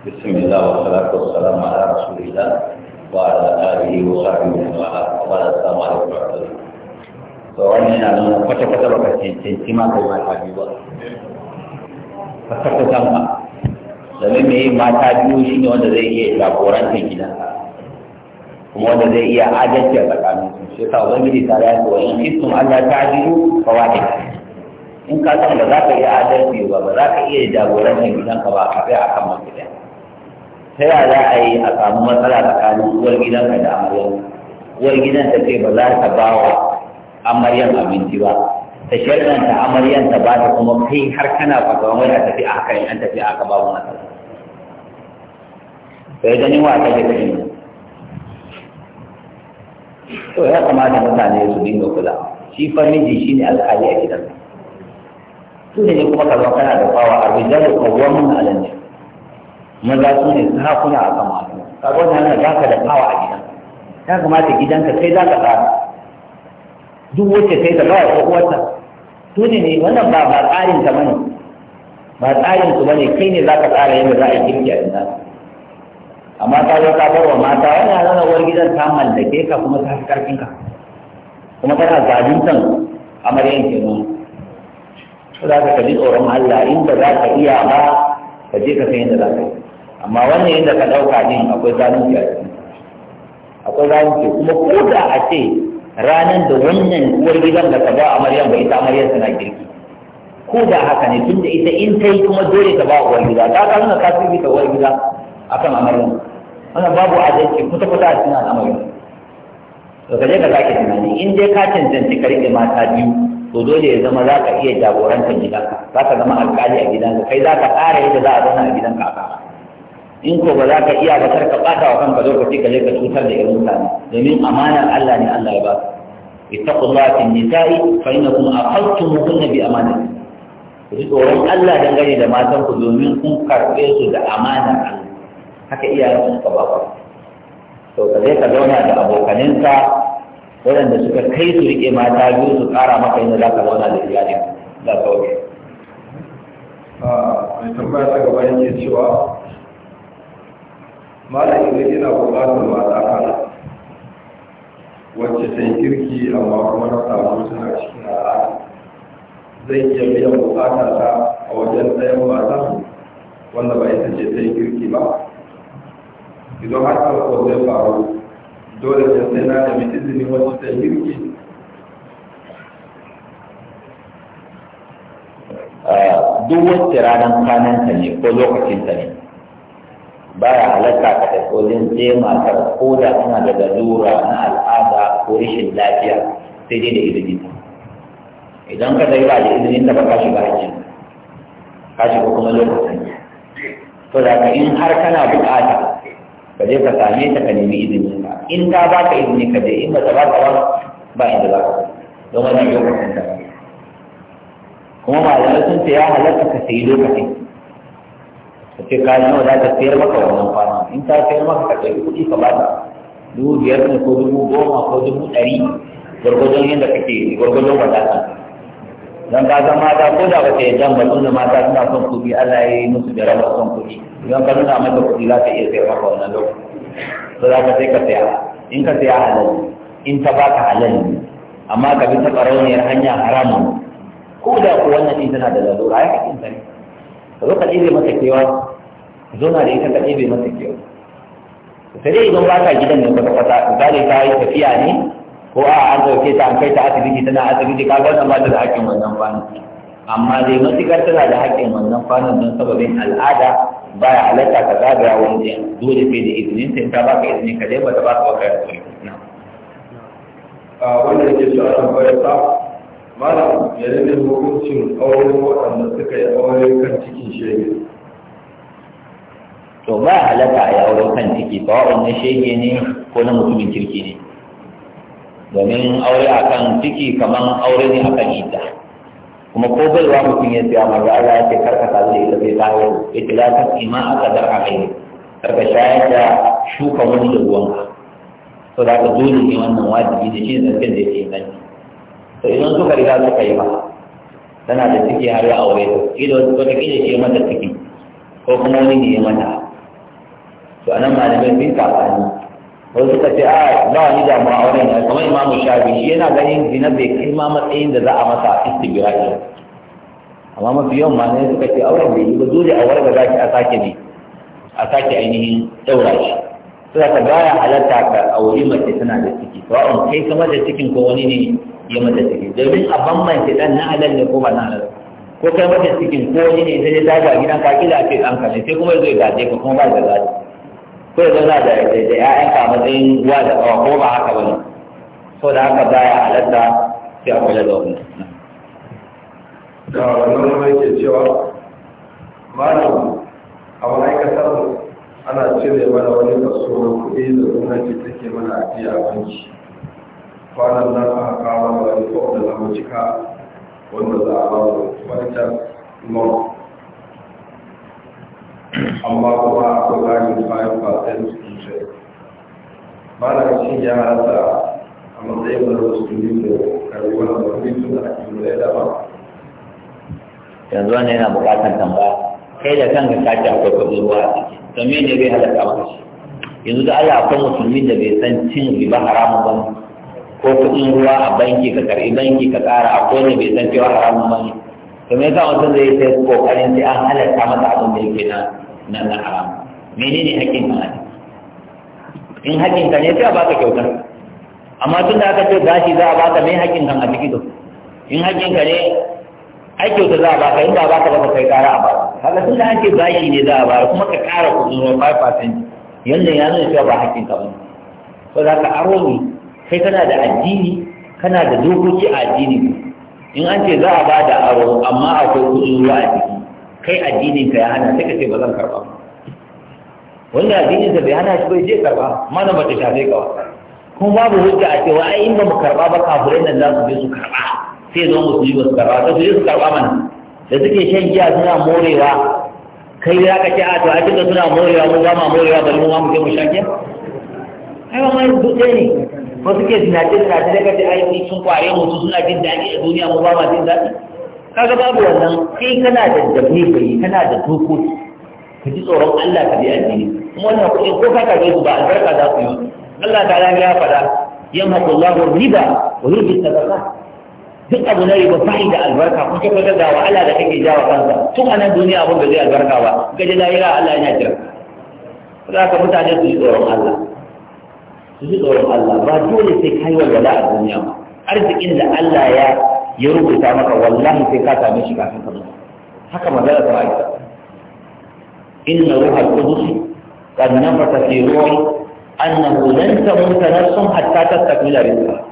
bismillah wa salatu wa salam ala rasulillah wa ala alihi wa sahbihi wa ala wa ala salamu alaikum wa rahmatullahi to wannan yana nan kwata kwata ba kace ce ki ma kai ma ta bi ba kwata kwata mata biyu shine wanda zai iya jagorantar gidanka kuma wanda zai iya adalci a tsakanin su shi yasa ubangiji da ya wa in kuntum jiru ta'dilu wa ne in ka san ba za ka iya adalci ba ba za ka iya jagorancin ka ba ka a kan masu ɗaya ta yaya za a yi a samu matsala tsakanin uwar ka da amaryanka uwar gidan ta ce ba za ta ba wa amaryan abinci ba ta ta amaryan ta ba ta kuma kai har kana fagawa wani a tafi a haka in an tafi a haka babu matsala sai ganin wa ta ke kashin to ya kamata mutane su dinga kula shi fa miji ne alƙali a gidan su ne kuma ka kana da fawa a da qawwamun mun an-nisa maza su ne hakuna a kan mata kaga wannan nan zaka da fawa a gidan ya kamata gidanka sai zaka tsara duk wacce sai ka bawa ko uwarta to ne ne wannan ba ba tsarin ta bane ba tsarin su bane kai ne zaka tsara yadda za a yi girki a gidanka amma ta zo ta bawa mata wani zana wani gidan ta mallake ka kuma ta fi karfin ka kuma tana zaluntan amaryan kenan ko za ka kaji tsoron Allah in ba za ka iya ba ka je ka san yadda za ka yi amma wannan yadda ka ɗauka din akwai zalunci a cikin akwai zalunci kuma ko da a ce ranar da wannan uwar gidan da ka ba amaryan ba ita amaryan tana girki ko da haka ne tunda ita in ta yi kuma dole ta ba uwar gida ta ka na kasu fi ta uwar gida akan amaryan wannan babu adalci kusa kusa a cikin al'amarin to ka ka sake tunani in dai ka cancanci ka rike mata biyu to dole ya zama za ka iya jagorantar gidanka za ka zama alƙali a gidanka kai za ka tsara yadda za a zauna a gidanka a kara in ko ba za ka iya ba kar ka ɓata wa kanka lokaci ka je ka cutar da irin mutane domin amanar Allah ne Allah ya ba ka ittaqullaha fi nisa'i fa innakum kunna bi amanati ku ji tsoron Allah dangane da matan ku domin kun karɓe su da amanar Allah haka iyayen suka ba to ka zai ka zauna da abokaninka waɗanda suka kai su riƙe mata biyu su ƙara maka da za ka zauna da iyali da sauki. mai tambaya ta gaba yake cewa malam idan yana buƙatar mata kana wacce ta yi kirki amma kuma na samu suna cikin al'ada zai iya biyan buƙata ta a wajen ɗayan mata wanda ba ita ce ta yi kirki ba idan har farko zai faru dole ne sai na da mai wasu wata ta girki ah, duk wacce ranar kwananta ne ko lokacinta ne baya halatta ka tafi wajen sai matar ko da tana da lalura na al'ada ko rashin lafiya sai dai da izini ta idan ka zai ba da izinin ta ba ka shiga hajji ka shiga kuma lokacin to da ka in har kana bukata ka je ka same ta ka nemi izini ka in ta ba ka izini ka je in ba ta ba ka ba ba inda ba ka don wannan lokacin ta kuma ba da sun ce ya halatta ka sayi lokacin ka ce ka nawa za ka sayar maka wannan kwana in ta sayar maka ka ɗauki kuɗi ka ba ta dubu biyar ne ko dubu goma ko dubu ɗari gwargwadon yadda kake gwargwadon wadata don ka san mata ko da ba ta yi jan batun da mata suna son kuɗi Allah ya yi musu da rawar son kuɗi idan ka nuna mata kuɗi za ta iya sayar maka wannan lokaci to za ka sai ka saya in ka saya halal in ta baka halal amma ka bi ta ƙarauniyar hanya haramun ko da ku wannan din tana da lalura ya kakin ta ne ka zo ka ɗebe masa kewa ka zo na da ita ka ɗebe masa kewa sai dai idan ba ka gidan ne ka kwata misali ta yi tafiya ne ko a an dauke ta an kai ta asibiti tana asibiti ka ga ba ta da haƙƙin wannan kwanan amma dai matukar tana da haƙƙin wannan kwanan don sababin al'ada baya halatta ka zagaya wani jiya dole sai da izinin sai ta baka izinin ka dai ba ta baka baka ya tsoro wannan wanda yake so a tambayar sa malam ya rage hukuncin aure waɗanda suka yi aure kan cikin shege to ba halatta a yi aure kan ciki ba wannan shege ne ko na mutumin kirki ne domin aure akan ciki kaman aure ne kan ita kuma ko bai wa mutum ya tsaya maza Allah ya ce karka ka zai ita bai tawo ita ce ta ima a kadar a kai karka shayar da shuka wani da ruwanka to da ka dole ne wannan wajibi da shi zancen da ke nan to idan suka riga suka yi ba tana da ciki har ya aure ta ido wata kila ke mata ciki ko kuma wani ne ya mata to anan malamai sun kafa ne wasu suka ce a ah, ba ni damuwa a wurin ya kamar imamu shafi shi yana ganin zina bai kai ma matsayin da za a masa istibiraki amma mafi yawan ma ne suka ce auren bai yi ba dole a warga za ki a sake ne a sake ainihin ɗaura shi suka ta baya halatta ka auri mace tana da ciki sawa'un kai kamar da cikin ko wani ne ya mata ciki domin a bambance dan na halal ne ko ba na halal ko kai mata cikin ko wani ne sai ya daga gidan ka kila a ce ɗan ka ne sai kuma zai gaje ka kuma ba da gaje sai za da da ya'yan ka matsayin wa da tsawa ko ba haka ba ne so da haka baya halatta sai a kula da wani da wannan mai ke cewa malam a ma'aikatar ana cire mana wani kaso kuɗi da gwamnati take mana a a banki kwanan nan aka kawo wani fom da zamu cika wanda za a ba mu wani mawa amma kuma akwai ragin bayan fasin sosai ba na shi ya hasa a matsayin da wasu ne da karuwa da wani suna a cikin da ba yanzu wani yana bukatar tambaya kai da kanka ka ci akwai kudi ruwa a ciki to me ne bai halatta maka shi yanzu da Allah akwai musulmin da bai san cin riba haramun ba ko kudin ruwa a banki ka karbi banki ka ƙara akwai ne bai san cewa haramun ba ne to me yasa mutum zai sai kokarin sai an halarta masa abin da yake nan na al'aram menene haƙƙin malami in haƙƙin ka ne sai a baka kyautar amma tun da aka ce gashi za a baka mai haƙƙin kan a ciki to in haƙƙin ka ne ai kyauta za a baka in ba baka ba ka kai ƙara a baka Haka tun da an ce gashi ne za a baka kuma ka ƙara kuɗin ruwa five percent yanda ya nuna cewa ba haƙƙin ka ba ko za ka aro ni? kai kana da addini kana da dokoki a addini in an ce za a ba da aro amma akwai kudin ruwa a ciki kai addinin ka ya hana sai ka ce ba zan karba wanda addinin sa bai hana shi bai je karba mana ba ta shafe ka kuma babu hujja a cewa ai in ba mu karba ba kafirai nan za su je su karba sai zo musulmi ba su karba sai su je su karba mana da suke shan giya suna morewa kai ya ka ce a to a cikin suna morewa mu ba ma morewa bari mu ma mu je mu sha giya ai ba ma duk ne ko suke zinace zinace daga ce ai sun kware mu suna jin daɗi a duniya mu ba ma jin daɗi kaga babu wannan sai kana da dabbe bai kana da dokoki ka ji tsoron Allah ka bi addini kuma wannan kuɗi ko ka kaje su ba albarka za ku yi Allah ta yi ya faɗa yamhaqu Allahu riba wa yurbi sadaqat duk abu na riba bai da albarka kun kaga ga gawa Allah da kake jawa kansa tun anan duniya abun da zai albarka ba ka kaje lahira Allah yana jira za ka mutane su ji tsoron Allah su ji tsoron Allah ba dole sai kai walwala a duniya ba arzikin da Allah ya ya rubuta maka wallahi sai ka same shi kafin ka mutu haka magana ta aisha inna ruha al-qudus qad nafata fi ruhi annahu lan tamuta nafsun hatta tastakmila rizqaha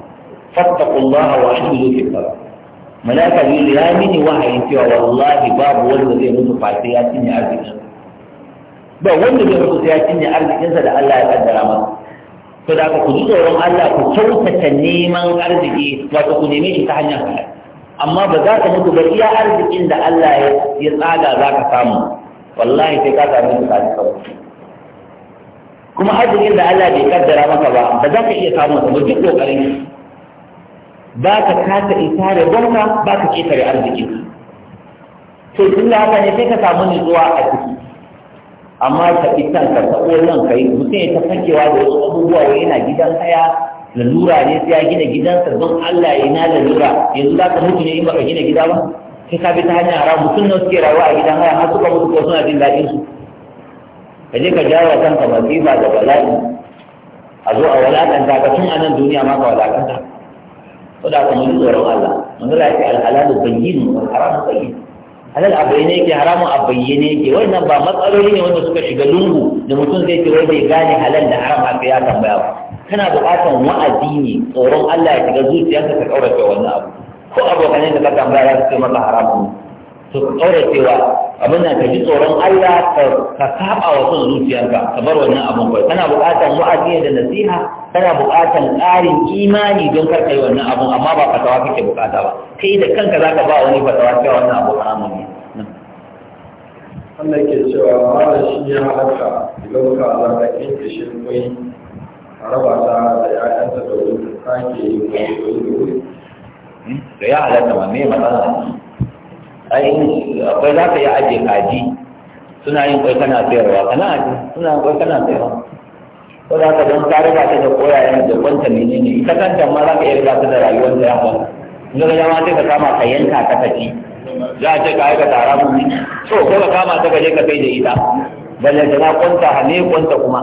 fattaqullaha wa ajmilu fi talab malaka bil ya mini wahayi cewa wallahi babu wanda zai mutu face ya cinye arzikin ba wanda zai mutu sai ya cinye sa da Allah ya kaddara masa to da ku ji tsoron Allah ku kyautata neman arziki wato ku neme shi ta hanyar halal amma ba za ka mutu ba iya arzikin da Allah ya tsaga za ka samu wallahi sai ka samu ka samu kuma arzikin da Allah bai kaddara maka ba ba za ka iya samu ba duk kokarin ba ka kasa da gwamna ba ka ketare arzikin to tun da haka ne sai ka samu nutsuwa a ciki amma ka fi ka ta nan kai mutum ya ta fakewa da wasu abubuwa wai yana gidan haya lalura ne sai ya gina gidansa don Allah ya na lalura yanzu za ka mutu ne in baka gina gida ba sai ka bi ta hanyar haram mutum nan suke rayuwa a gidan haya har suka mutu ko suna jin daɗin su ka je ka jawo kanka masifa da bala'i a zo a walakanta ka tun a nan duniya ma ka walakanta da ka mutu tsoron Allah manzala ya ce alhalalu bayyin wal haramu bayyin halal a bayyane yake haramun a bayyane yake wannan ba matsaloli ne wanda suka shiga lungu da mutum zai ce wai bai gane halal da haram haka ya tambaya ba kana buƙatar wa'azi ne tsoron Allah ya shiga zuciyarka ta kaurace wannan abu ko abokanai da ka tambaya za su ce maka haramun to ka kaura cewa abin da ka ji tsoron Allah ka saba wa son zuciyarka ka bar wannan abin kwa'i. kana buƙatar wa'azi da nasiha kana buƙatar ƙarin imani don kar kai wannan abin amma ba fatawa kake buƙata ba kai da kanka za ka ba wani fatawa cewa wannan abu haramun ne wannan ke cewa malam shi ya halatta idan ka za ta kinke shi kai a raba ta da ya'yanta da wuri ta ke yi kwai da wuri da ya halatta ma me matsala ainihin akwai za ka yi aje kaji suna yin kwai kana sayarwa kana aje suna yin kwai kana sayarwa ko za ka don tare ba ta da koyayen da kwanta ne ne ita kanta ma za ka iya riga da rayuwar da yawa in ga jama sai ka kama ka yanka ka kaci za a ce ka aika tara mu ne so ko ka kama ta ka je ka kai da ita balle ta na kwanta ha ne kwanta kuma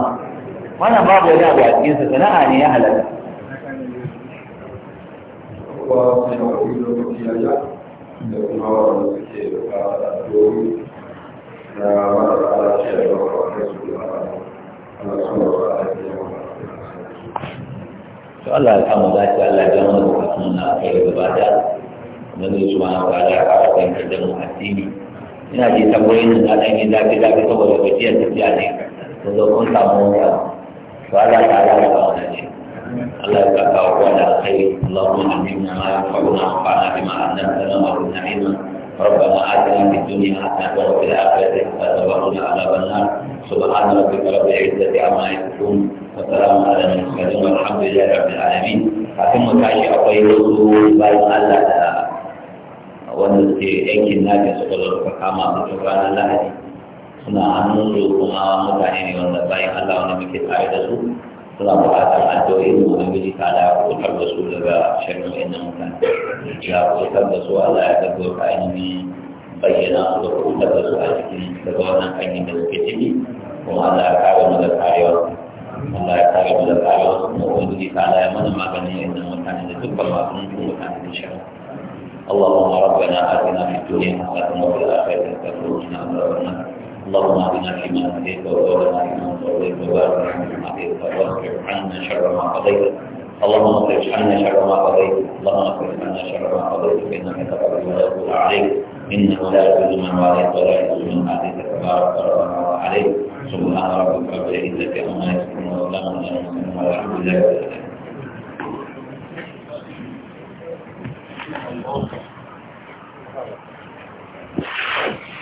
wannan babu wani abu a cikinsa sana'a ne ya halatta da kuma wanda suke da domin na marasa lafiya da wakwakwai su da ana suna wa lafiya to Allah ya kama dace Allah ya gama da kasu na kai da gaba da wanda su ma ba da fara fahimtar da addini ina ji tambayoyin da ɗan yi zafi zafi saboda gajiyar tafiya ne da zo kun samu wani abu to ta Allah ya kama dace Allah Baka wa'ala khair Allahumma alimna ma'am Fa'una wa'ala bima'adna Sama wa'ala na'imah Rabbana adina di dunia Asyad wa rupiah Allah Wanda si Ekin Nabi Sekolah suna buƙatar addu'o'in mu namiji ta da kokar da su daga shirin wa'annan mutane ya kokar da su Allah ya tabbo ka bayyana su da kokar da su a cikin daga wannan da suke ciki kuma Allah ya kare mu da mu da mana maganin wa'annan mutane da dukkan masu mutum mutane da shirin اللهم ربنا آتنا في الدنيا حسنة وفي الآخرة حسنة وقنا عذاب اللهم اهدنا فيما هديت وتولنا فيما توليت وبارك لنا فيما هديت واصرف عنا شر ما قضيت اللهم اصرف عنا شر ما قضيت اللهم اصرف عنا شر ما قضيت فانك تقضي ولا يقول عليك انه لا يقول من واليت ولا يقول من عليك تبارك ربنا وعليك سبحان ربك رب العزه عما يصفون وسلام على المرسلين والحمد لله رب العالمين Thank you.